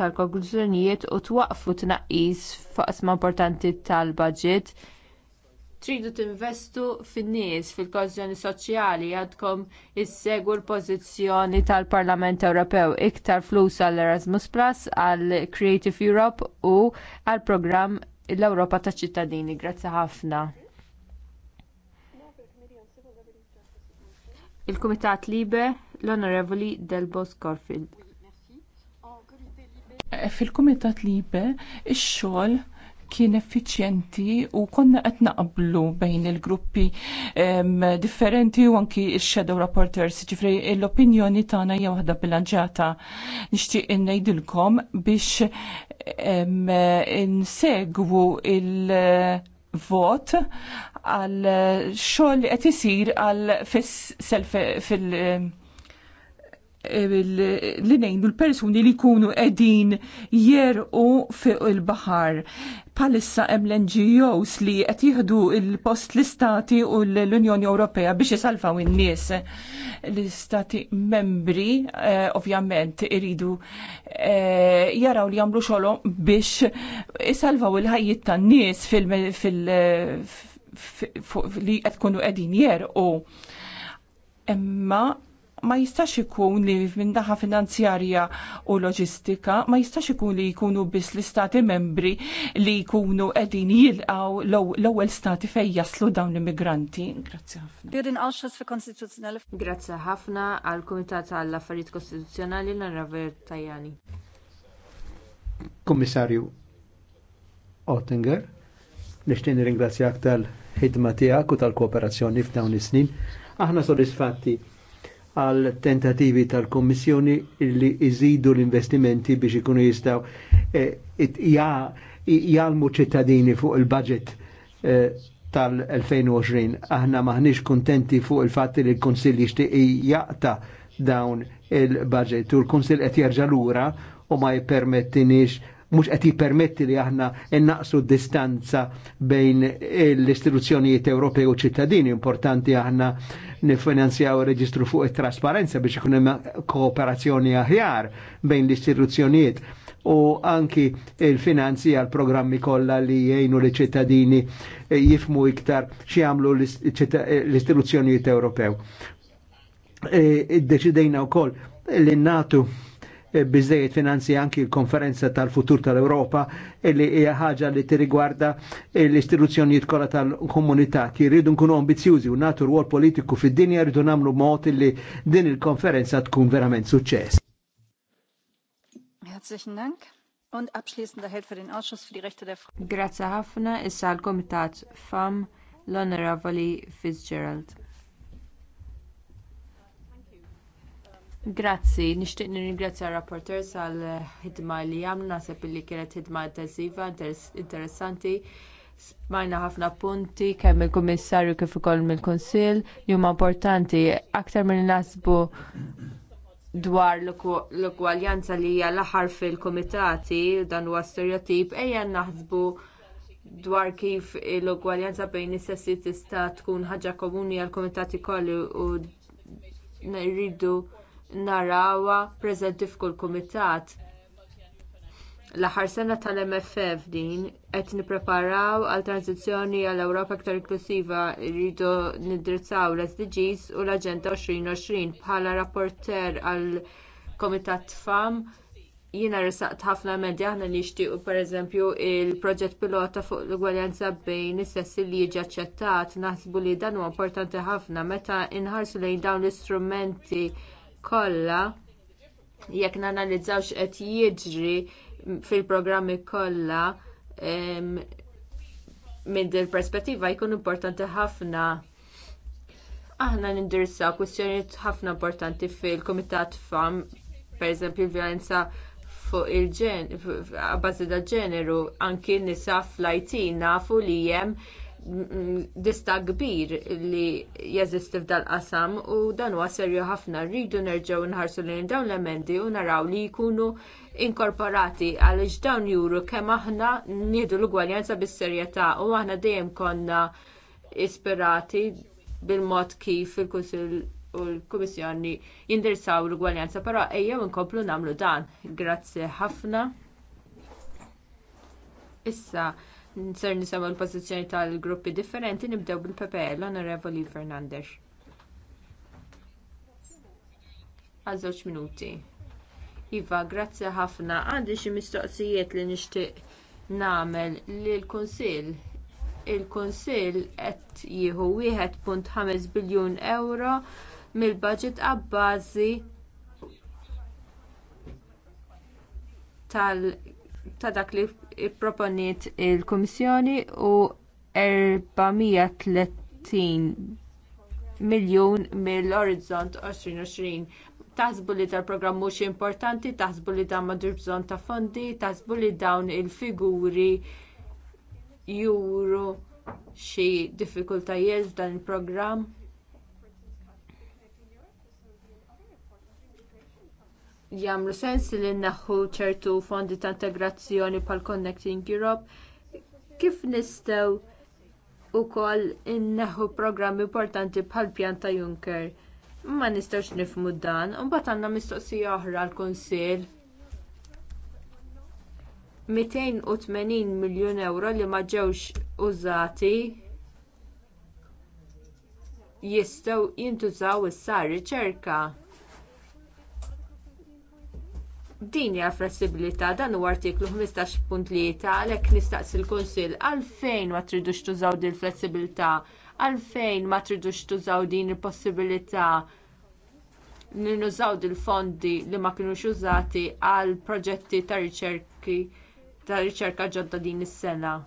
tal-konklużjonijiet u twaqfu tnaqqis faqsma importanti tal-baġit tridu tinvestu fin-nies fil-kożjoni soċjali għadkom issegwu l-pożizzjoni tal-Parlament Ewropew iktar flus għall Erasmus Plus, għall Creative Europe u għall programm l-Ewropa taċ ċittadini. Grazzi ħafna. Il-Kumitat Libe l-Onorevoli Del Boscorfield. Fil-Kumitat Libe ix-xogħol kien effiċjenti u konna qed naqblu bejn il-gruppi differenti u anki il-shadow rapporters, ġifri l-opinjoni tagħna hija waħda bilanġata. Nixtieq ngħidilkom biex insegwu il-vot għal xogħol li qed isir għal fil- li nejnu l-persuni li kunu edin jerqu fuq il-bahar. Palissa hemm l-NGOs li qed jieħdu il-post l-Istati u l-Unjoni Ewropea biex isalfaw in-nies. L-Istati membri eh, ovvjament iridu eh, jaraw li jagħmlu xogħolhom biex isalvaw il-ħajjiet tan-nies fil- li qed tkunu qegħdin jerqu. Imma ma jistax ikun li minn minnaħa finanzjarja u loġistika ma jistax ikun li jkunu biss l-istati membri li jkunu qegħdin jilqaw l-ewwel stati fejn jaslu dawn l-immigranti. Grazzi ħafna. fi Grazie ħafna għall kumitat għall-Affarijiet Kostituzzjonali l-Raver Tajani. Komissarju Ottinger, nishtin ringrazzjak tal-ħidma tijak u tal-kooperazzjoni f'dawn is-snin. Aħna soddisfatti għal tentativi tal-Kommissjoni li iżidu l-investimenti biex ikunu jistaw eh, jgħalmu ċittadini fuq il-budget eh, tal-2020. Aħna maħniex kontenti fuq il-fatti li l-Konsil jishtiq jaqta dawn il-budget u l-Konsil qed jerġa' lura u ma jippermettinix mhux qed permetti li aħna innaqsu distanza bejn l-istituzzjonijiet Ewropej u ċittadini. Importanti aħna nifinanzjaw reġistru fuq it-trasparenza biex ikun hemm kooperazzjoni aħjar bejn l-istituzzjonijiet u anki il-finanzi għal programmi kollha li jgħinu li ċittadini jifmu iktar xiamlu l-istituzzjonijiet Ewropew. Id-deċidejna e, u koll l natu Eh, bizzejiet finanzi anki l-konferenza tal-futur tal-Europa illi eh, hija ħaġa li tirrigwarda eh, l-istituzzjonijiet kollha tal-komunità ki jridu nkunu ambizjużi u natur rwol politiku fid-dinja rridu nagħmlu mod illi din il-konferenza tkun verament suċċess. Herzlichen Dank. Und abschließend erhält für den Ausschuss für die Rechte der Frau. Grazie Hafner, issa l-Komitat FAM l Fitzgerald. Grazzi, nixtieq nirringrazzja r-rapporter sal ħidma li għamlu naħseb li kienet ħidma intensiva, interessanti. Smajna ħafna punti kemm il-Kummissarju kif ukoll mill-Kunsill li huma importanti aktar minn nasbu dwar l-ugwaljanza li hija l-aħħar fil-kumitati dan huwa stereotip ejja naħsbu dwar kif l-ugwaljanza bejn is-sessi tista' tkun ħaġa komuni għall kumitati kollu u rridu narawha preżenti f'kull kumitat l-aħħar sena tal-mff din qed nippreparaw għal transizzjoni għal ewropa aktar inklusiva rridu nindrizzaw l-sdgs u l-aġenda 2020 bħala rapporter għall kumitat fam jiena ressaqt ħafna emendi aħna nixtiequ pereżempju l proġett pilota fuq l-ugwaljanza bejn is-sessi li jiġi aċċettat naħsbu li dan huwa importanti ħafna meta inħarsu lejn dawn l-istrumenti kollha jekk nanalizzaw x'qed jiġri fil-programmi kollha minn din perspettiva jkun importanti ħafna aħna nindirizzaw kwistjonijiet ħafna importanti fil-Kumitat FAM, pereżempju l-vjolenza fuq il-ġen, bażi ta' ġeneru, anki nisa fl-IT nafu li hemm dista kbir li jeżisti f'dal qasam u dan huwa serju ħafna rridu nerġgħu nħarsu lejn dawn l-emendi u naraw li jkunu inkorporati għaliex dawn juru kemm aħna nieħdu l-ugwaljanza bis-serjetà u aħna dejjem konna ispirati bil-mod kif il-Kunsill u l-Kummissjoni jindirsaw l-ugwaljanza, però ejjew inkomplu nagħmlu dan. Grazzi ħafna. Issa, Ser nisema l-pozizjoni tal-gruppi differenti nibdew bil-PPL, l-Onorevoli Fernandez. Għal żewġ minuti. Iva, grazzi ħafna. Għandi xi mistoqsijiet li nixtieq nagħmel lill kunsill Il-Kunsill qed jieħu 1.5 biljun euro mill-budget għabbażi tal ta' dak li proponiet il-Kummissjoni u 430 miljun mill-Orizzont 2020. Taħsbu li dal-programm mhux importanti, taħsbu li dan madur bżonn ta' fondi, taħsbu li dawn il-figuri juru xi diffikultajiet dan il-programm. jagħmlu sens li naħħu ċertu fondi ta' integrazzjoni bħal Connecting Europe kif nistgħu wkoll nneħħu programmi importanti bħal pjan ta' Juncker. Ma nistgħux nifhmu dan, u mbagħad għandna mistoqsija oħra għal kunsill 280 miljun euro li ma ġewx użati jistgħu jintużaw issa riċerka din hija flessibilità dan huwa artiklu 15.3 għalhekk nistaqsi l-Kunsill għalfejn ma tridux tużaw din flessibilità għalfejn ma tridux tużaw din il-possibilità li nużaw il fondi li ma kinux użati għal proġetti ta' riċerki ta' riċerka ġodda din is-sena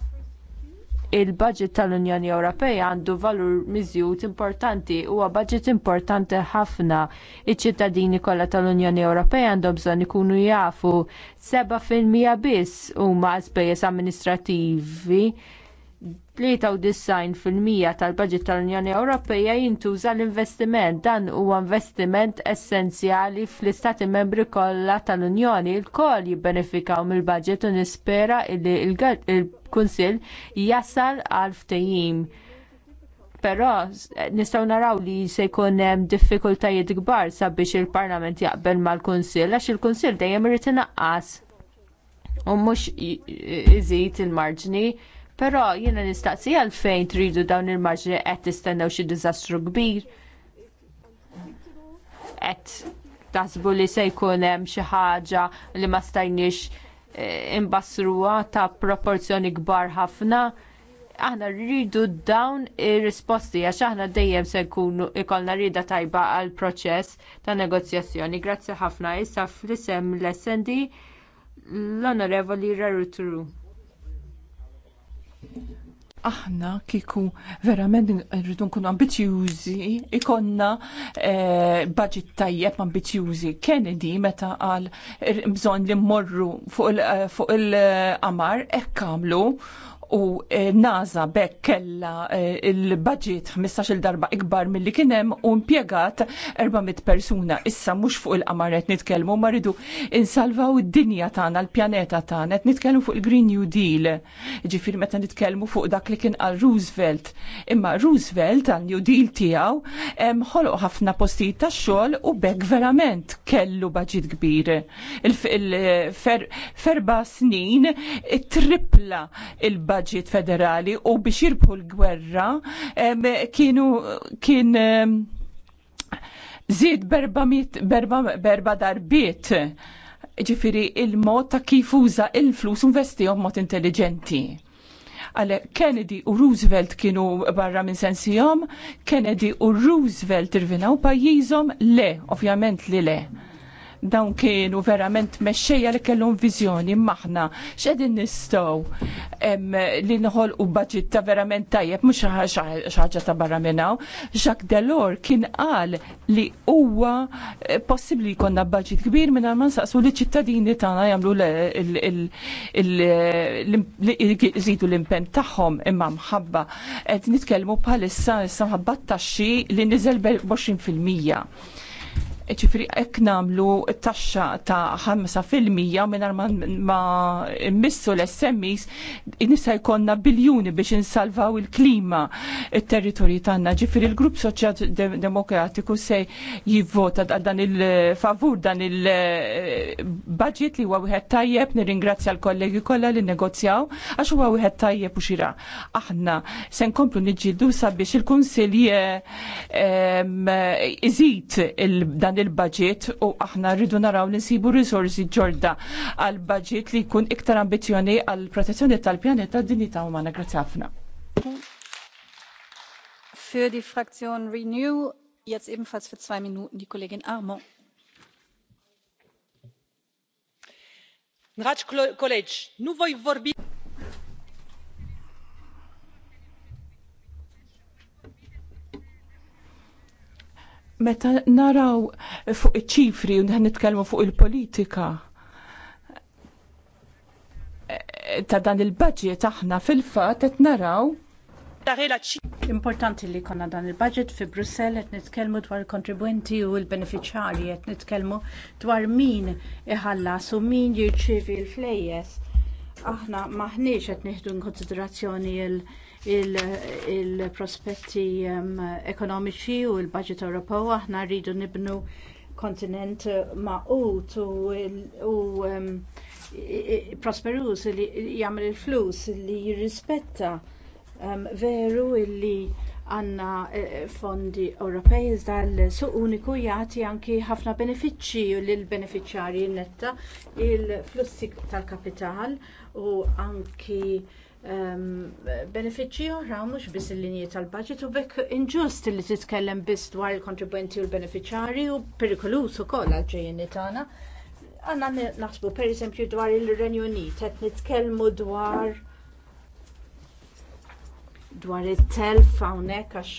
il baġit tal-Unjoni Ewropea għandu valur miżjud importanti huwa budget importanti ħafna. Iċ-ċittadini kollha tal-Unjoni Ewropea għandhom bżonn ikunu jafu 7% biss huma spejjeż amministrattivi 93% tal-baġit tal-Unjoni Ewropea jintuża l-investiment. Dan huwa investiment essenzjali fl-istati membri kollha tal-Unjoni. il jibbenefikaw mill-baġit u nispera li l-Kunsill jasal għal ftehim. Però nistgħu naraw li se jkun hemm diffikultajiet kbar sabiex il-Parlament jaqbel mal-Kunsill għax il-Kunsill dejjem irid inaqqas u mhux iżid il-marġni. il marġni Però jiena nistaqsi għalfejn tridu dawn il-marġni qed tistennew xi diżastru kbir. Qed tasbu li se jkun hemm xi ħaġa li ma stajniex eh, imbassruwa ta' proporzjoni kbar ħafna. Aħna rridu dawn ir-risposti għax aħna dejjem se jkunu ikollna rida tajba għal proċess ta' negozjazzjoni. Grazzi ħafna issa fl-isem l-SND l-Onorevoli Rarutru aħna kiku verament rridu nkunu ambizjużi, ikonna eh, budget tajjeb ambizjużi. Kennedy meta qal er, bżonn li mmorru fuq il-qamar, eh, eh, hekk għamlu u eh, NASA bekk kella eh, il-budget 15 darba ikbar mill-li kienem u impiegat 400 persuna. Issa mux fuq il-qamaret nitkelmu, maridu insalvaw id-dinja tagħna, l-pjaneta tagħna, qed nitkellmu fuq il-Green New Deal. Ġifier meta nitkellmu fuq dak li kien għal Roosevelt. Imma Roosevelt għal New Deal tiegħu ħoloq ħafna postijiet tax-xogħol u bekk verament kellu budget kbir. Il-ferba snin tripla il-budget budget federali u biex jirbħu l-gwerra kienu kien zid berba, mit, berba, berba darbiet ġifiri il-mod ta' kif uża il-flus investijom mod intelligenti. Għale Kennedy u Roosevelt kienu barra minn sensijom, Kennedy u Roosevelt irvinaw pajjiżhom le, ovvjament li le dawn kienu verament mexxejja li kellhom viżjoni maħna x'qegħdin nistgħu li nħol u budget ta' verament tajjeb mhux ħaġa ta' barra minnaw. Jacques Delors kien qal li huwa eh, possibbli jkollna budget kbir minn ma nsaqsu li ċittadini tagħna jagħmlu l-iżidu l-impenn tagħhom imma mħabba qed nitkellmu bħalissa issa mħabba taxxi li niżel b'20 fil-mija ċifri ek namlu taxxa ta' 5% minar ma, ma missu l-SMIs nisa jkonna biljuni biex insalvaw il-klima il-territorji tagħna. Ġifri il-Grupp Soċjal Demokratiku se jivvota dan il-favur dan il-budget li huwa wieħed tajjeb nirringrazzja l-kollegi kollha li negozjaw għax huwa wieħed tajjeb u xira. Aħna se nkomplu niġġieldu sabiex il-Kunsill eh, iżid il-dan dan il-budget u aħna rridu naraw li nsibu risorsi ġorda għal budget li jkun iktar ambizjoni għal protezzjoni tal-pjaneta dinjità umana. Grazie għafna. Für die Fraktion Renew jetzt ebenfalls für zwei Minuten die Kollegin Armand. Dragi colegi, nu voi vorbi Meta naraw fuq iċ-ċifri u nitkellmu fuq il-politika ta' dan il-budget aħna fil-fat qed naraw Importanti li konna dan il-budget fi Brussel qed nitkellmu dwar il kontribuenti u l-beneficjarji qed nitkellmu dwar min iħallas u min jirċivi l-flejjes. Aħna maħniex qed nieħdu konsiderazzjoni l- il-prospetti um, ekonomiċi u l-budget Ewropew aħna rridu nibnu kontinent maqut u um, prosperus li jagħmel il-flus li jirrispetta um, veru li għandna eh, fondi Ewropej iżda l-suq uniku jagħti anki ħafna benefiċċji lill benefiċjarji netta il-flussi tal-kapital u anki Ehm, benefiċċji oħra mhux biss il-linji tal baġit u bekk inġust li titkellem biss dwar il-kontribwenti u l-beneficjari u perikolus ukoll għal-ġejjeni tagħna. Għanna naħsbu pereżempju dwar il-Renju Unit qed nitkellmu dwar dwar it-telf hawnhekk għax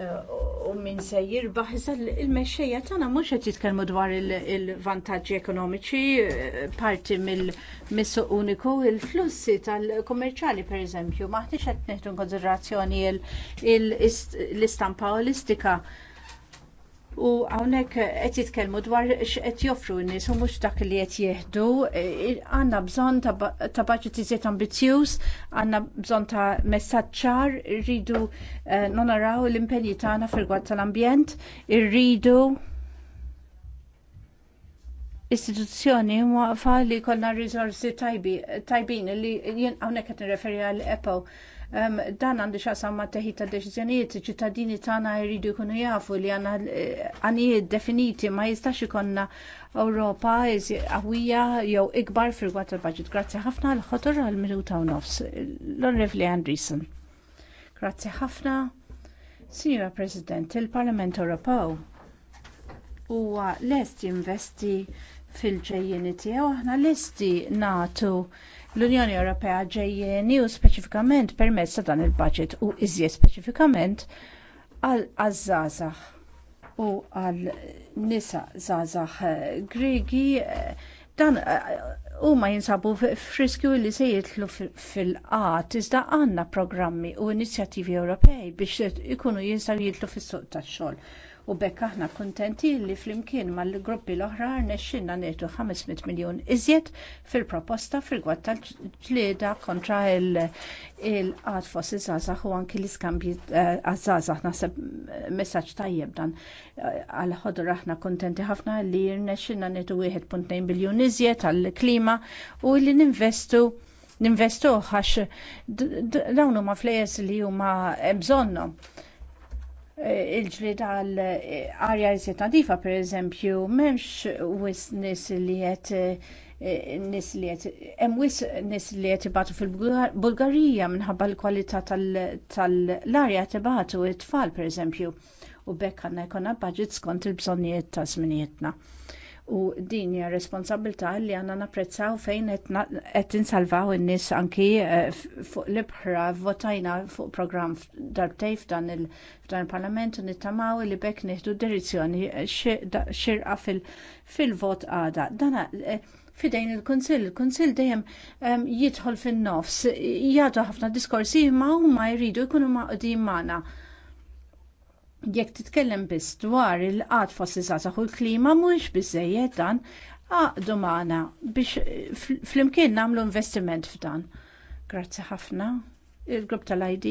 u min se jirbaħ iżda il-mexxejja tagħna mhux qed jitkellmu dwar il-vantaġġi ekonomiċi eh, parti mill-missuq uniku il-flussi tal-kummerċjali pereżempju maħniex qed nieħdu konsiderazzjoni l-istampa olistika U għawnek qed jitkellmu dwar x'qed joffru n-nies u mhux dak li qed jieħdu. Għandna bżonn ta' budget iżjed ambizzjuż, għandna bżonn ta' messaċċar, irridu eh, nonaraw l-impenji tagħna fil-gwad tal-ambjent, irridu istituzzjoni waqfa li jkollna riżorsi tajbin li għawnek hawnhekk qed nirreferi għal EPO Um, dan għandi xasam ma teħi ta' deċizjoniet, ċittadini tagħna jridu jkunu jafu li għandna eh, għanijiet definiti ma jistax ikonna Ewropa qawwija jew ikbar fil-gwat il-budget. Grazzi ħafna l ħotur għal-minuta u nofs. l li Andreessen. Grazzi ħafna. Signora President, il-Parlament Ewropew huwa lest jinvesti fil-ġejjeni tiegħu aħna lesti nagħtu l-Unjoni Ewropea ġejjeni u speċifikament permezz ta' dan il-budget u iżjed speċifikament għal għazzazax u għal nisa zazax Grigi eh, dan eh, huma jinsabu friskju li se jitlu fil-qat iżda għandna programmi u inizjattivi Ewropej biex ikunu jinsabu jitlu fis-suq tax-xogħol u bekk aħna kuntenti li flimkien mal-gruppi l-oħra rnexxinna netu 500 miljun iżjed fil-proposta fil-gwatt tal-ġlieda kontra il-qad fost iż u anki l-iskambji eh, għaż-żgħażagħ naħseb tajjeb dan eh, għal ħodur aħna kuntenti ħafna li rnexxinna netu 1.2 biljun iżjed għall-klima u li ninvestu ninvestu ħax dawn huma flejes li huma eh, bżonnhom il-ġrid għal arja jżiet nadifa pereżempju m'hemmx wis nis li qed eh, nis li qed hemm wis nis li qed ibatu fil-Bulgarija minħabba l-kwalità tal-arja tibatu it-tfal pereżempju u b'hekk għandna jkollna budget skont il-bżonnijiet ta' żminietna u din hija responsabilità li għandna napprezzaw fejn qed insalvaw in-nies anki eh, fuq l-ibħra votajna fuq programm darbtej f'dan il-Parlament u nittamaw li bekk nieħdu direzzjoni eh, xirqa fil-vot għada. Dana eh, fidejn il-Kunsill, il-Kunsill dejjem ehm, jidħol fin-nofs, jgħadu ħafna diskorsi ma huma jridu jkunu maqdin magħna. Jekk titkellem biss dwar il-qad fossilizzata u l-klima mhuwiex biżżejjed dan għaqdu magħna biex flimkien nagħmlu investiment f'dan. Grazzi ħafna. Il-grupp tal-ID.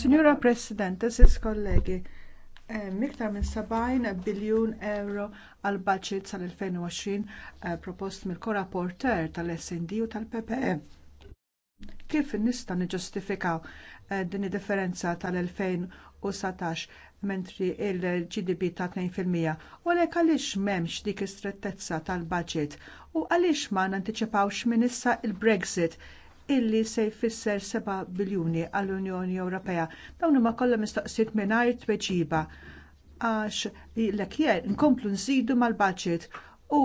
Signora President, eżis kollegi, eh, miktar minn 70 biljun euro għal budget sal-2020 eh, propost mill-korapporter tal-SND u tal-PPE. Kif nista' niġġustifikaw eh, din id-differenza tal-2020 u satax, mentri il-GDP ta' 2%. U għalhekk għaliex m'hemmx dik is-strettezza tal-budget u għaliex ma nantiċipawx minn issa l brexit illi se jfisser 7 biljuni għall-Unjoni Ewropea. Dawn huma kollha mistoqsijiet mingħajr tweġiba għax l-ekjer nkomplu nżidu mal-budget u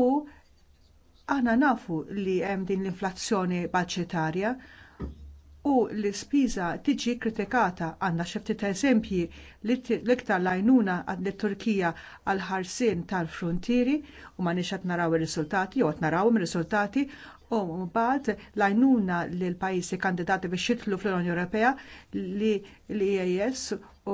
aħna nafu li hemm din l-inflazzjoni budgetarja u l-ispiża tiġi kritikata għandna xi ftit eżempji l-iktar lajnuna għad turkija għal ħarsien tal-frontieri u ma qed naraw ir-riżultati jew qed naraw ir-riżultati u mbagħad lajnuna lil pajjiżi kandidati biex jidħlu fl-Unjoni Ewropea li l-EAS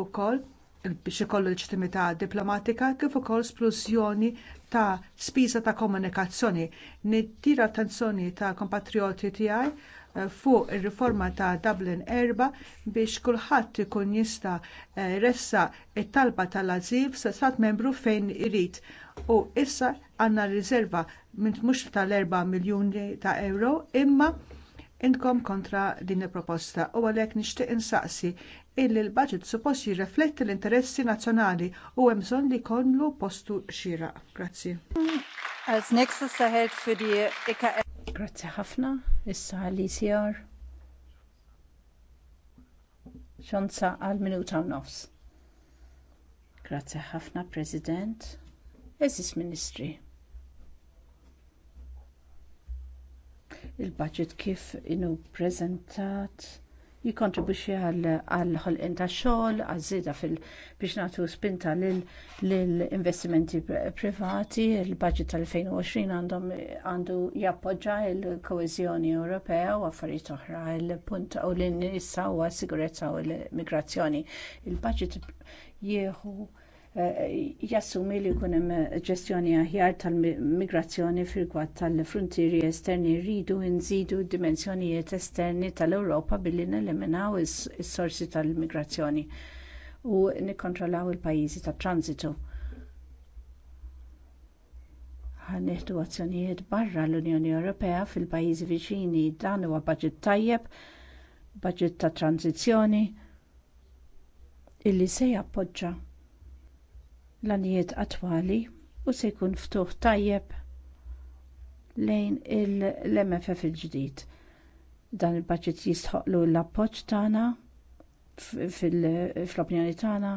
ukoll biex ikollu leġittimità diplomatika kif ukoll splużjoni ta' spiża ta' komunikazzjoni. Nittira attenzjoni ta' kompatrioti tiegħi fuq ir-riforma ta' Dublin erba biex kulħadd ikun jista' ressa it talba tal-azil sa stat membru fejn irid. U issa għandna riserva minn mhux tal-4 miljuni ta' euro imma intkom kontra din il-proposta u għalhekk nixtieq insaqsi illi l-budget suppost jirrefletti l-interessi nazzjonali u hemm bżonn li jkollu postu xieraq. Grazzi. Grazzi ħafna, issa għall-ICR. Xonza għal minuta u nofs. Grazzi ħafna, President. Eżis Ministri. Il-budget kif inu prezentat jikontribuxi għal-ħolqin ta' xogħol, għaż-żieda fil biex nagħtu spinta lill-investimenti privati, il-budget tal-2020 għandu jappoġġa l-koeżjoni Ewropea u affarijiet oħra il-punt u l-nissa għas sigurezza u l-migrazzjoni. Il-budget jieħu Eh, jassumi li jkun hemm ġestjoni aħjar tal-migrazzjoni fil-gwad tal-frontieri esterni rridu nżidu d-dimensjonijiet esterni tal-Ewropa billi neliminaw is-sorsi tal-migrazzjoni u nikkontrollaw il-pajjiżi tat-transitu. Ħanneħdu azzjonijiet barra l-Unjoni Ewropea fil-pajjiżi viċini dan huwa baġit tajjeb, baġit ta' tranzizzjoni illi se jappoġġa l-għanijiet attwali u se jkun ftuħ tajjeb lejn l-MFF il-ġdid. Dan il-budget jistħoqlu l-appoġġ tagħna fl-opinjoni tagħna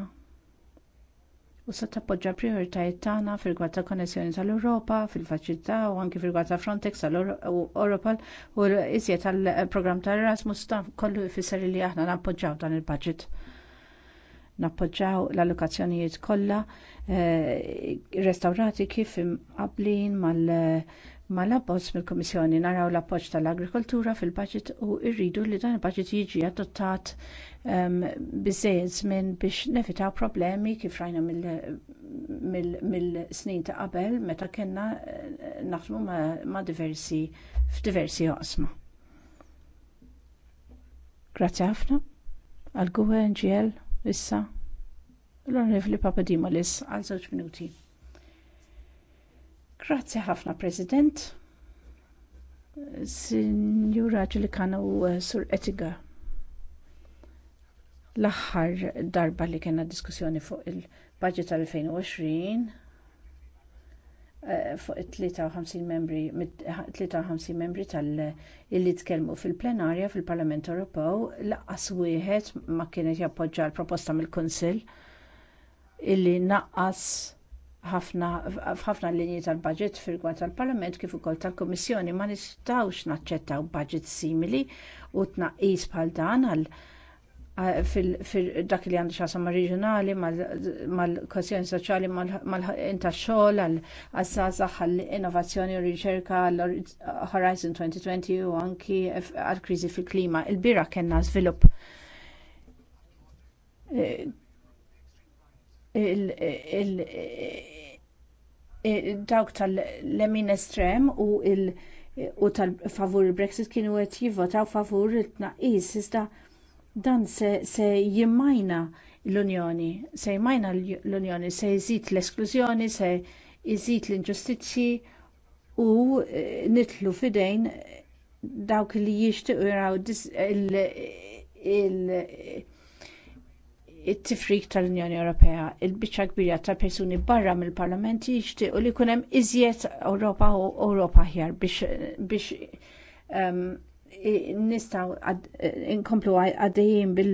u se tappoġġa prioritajiet tagħna fil-rigward ta' konnessjoni tal europa fil-faċilità u anki fil ta' Frontex tal-Europol u l iżjed tal-programm ta' Erasmus ta' kollu jfisser li aħna nappoġġaw dan il-budget. Nappoġġaw l-allokazzjonijiet kollha Eh, restaurati kif imqablin mal-abbozz mill-Kummissjoni naraw l-appoġġ tal-agrikoltura fil-budget u rridu li dan il-budget jiġi adottat ehm, biżejjed żmien biex nevitaw problemi kif rajna mill-snin ta' qabel meta kellna eh, naħdmu ma' diversi f'diversi oqsma. Grazzi ħafna għal-Gwen ġiel issa l-Onorevoli Dimalis għal żewġ minuti. Grazzi ħafna, President. Signora Ġilikana u eh, Sur Etiga. L-aħħar darba li kena diskussjoni fuq il-budget tal-2020 eh, fuq 53 membri 53 membri tal illi tkellmu fil-plenarja fil-Parlament Ewropew laqqas wieħed ma kienet jappoġġa l-proposta mill-Kunsill illi naqqas f'ħafna linji tal-baġit fil-gwad tal-Parlament kif ukoll tal-Kummissjoni ma nistgħux naċċettaw baġit simili u tnaqqis bħal dan għal dak li għandu xasam reġjonali mal-kwestjoni soċjali mal-ħin tax-xogħol għall-żgħażagħ għall-innovazzjoni u riċerka għall-Horizon 2020 u anki għall-kriżi fil-klima. Il-bira kellna żvilupp eh, dawk tal-lemin estrem u u tal-favur il-Brexit kienu qed jivvotaw favur it tnaqis iżda dan se jimmajna l-Unjoni, se jmajna l-Unjoni, se jżid l-esklużjoni, se jżid l-inġustizzji u eh, nitlu fidejn dawk li jixtiequ il- it-tifrik tal-Unjoni Ewropea. Il-biċċa kbira ta' persuni barra mill-Parlament jixtiequ li jkun hemm iżjed Ewropa u Ewropa aħjar biex ehm, nistgħu nkomplu għaddejjin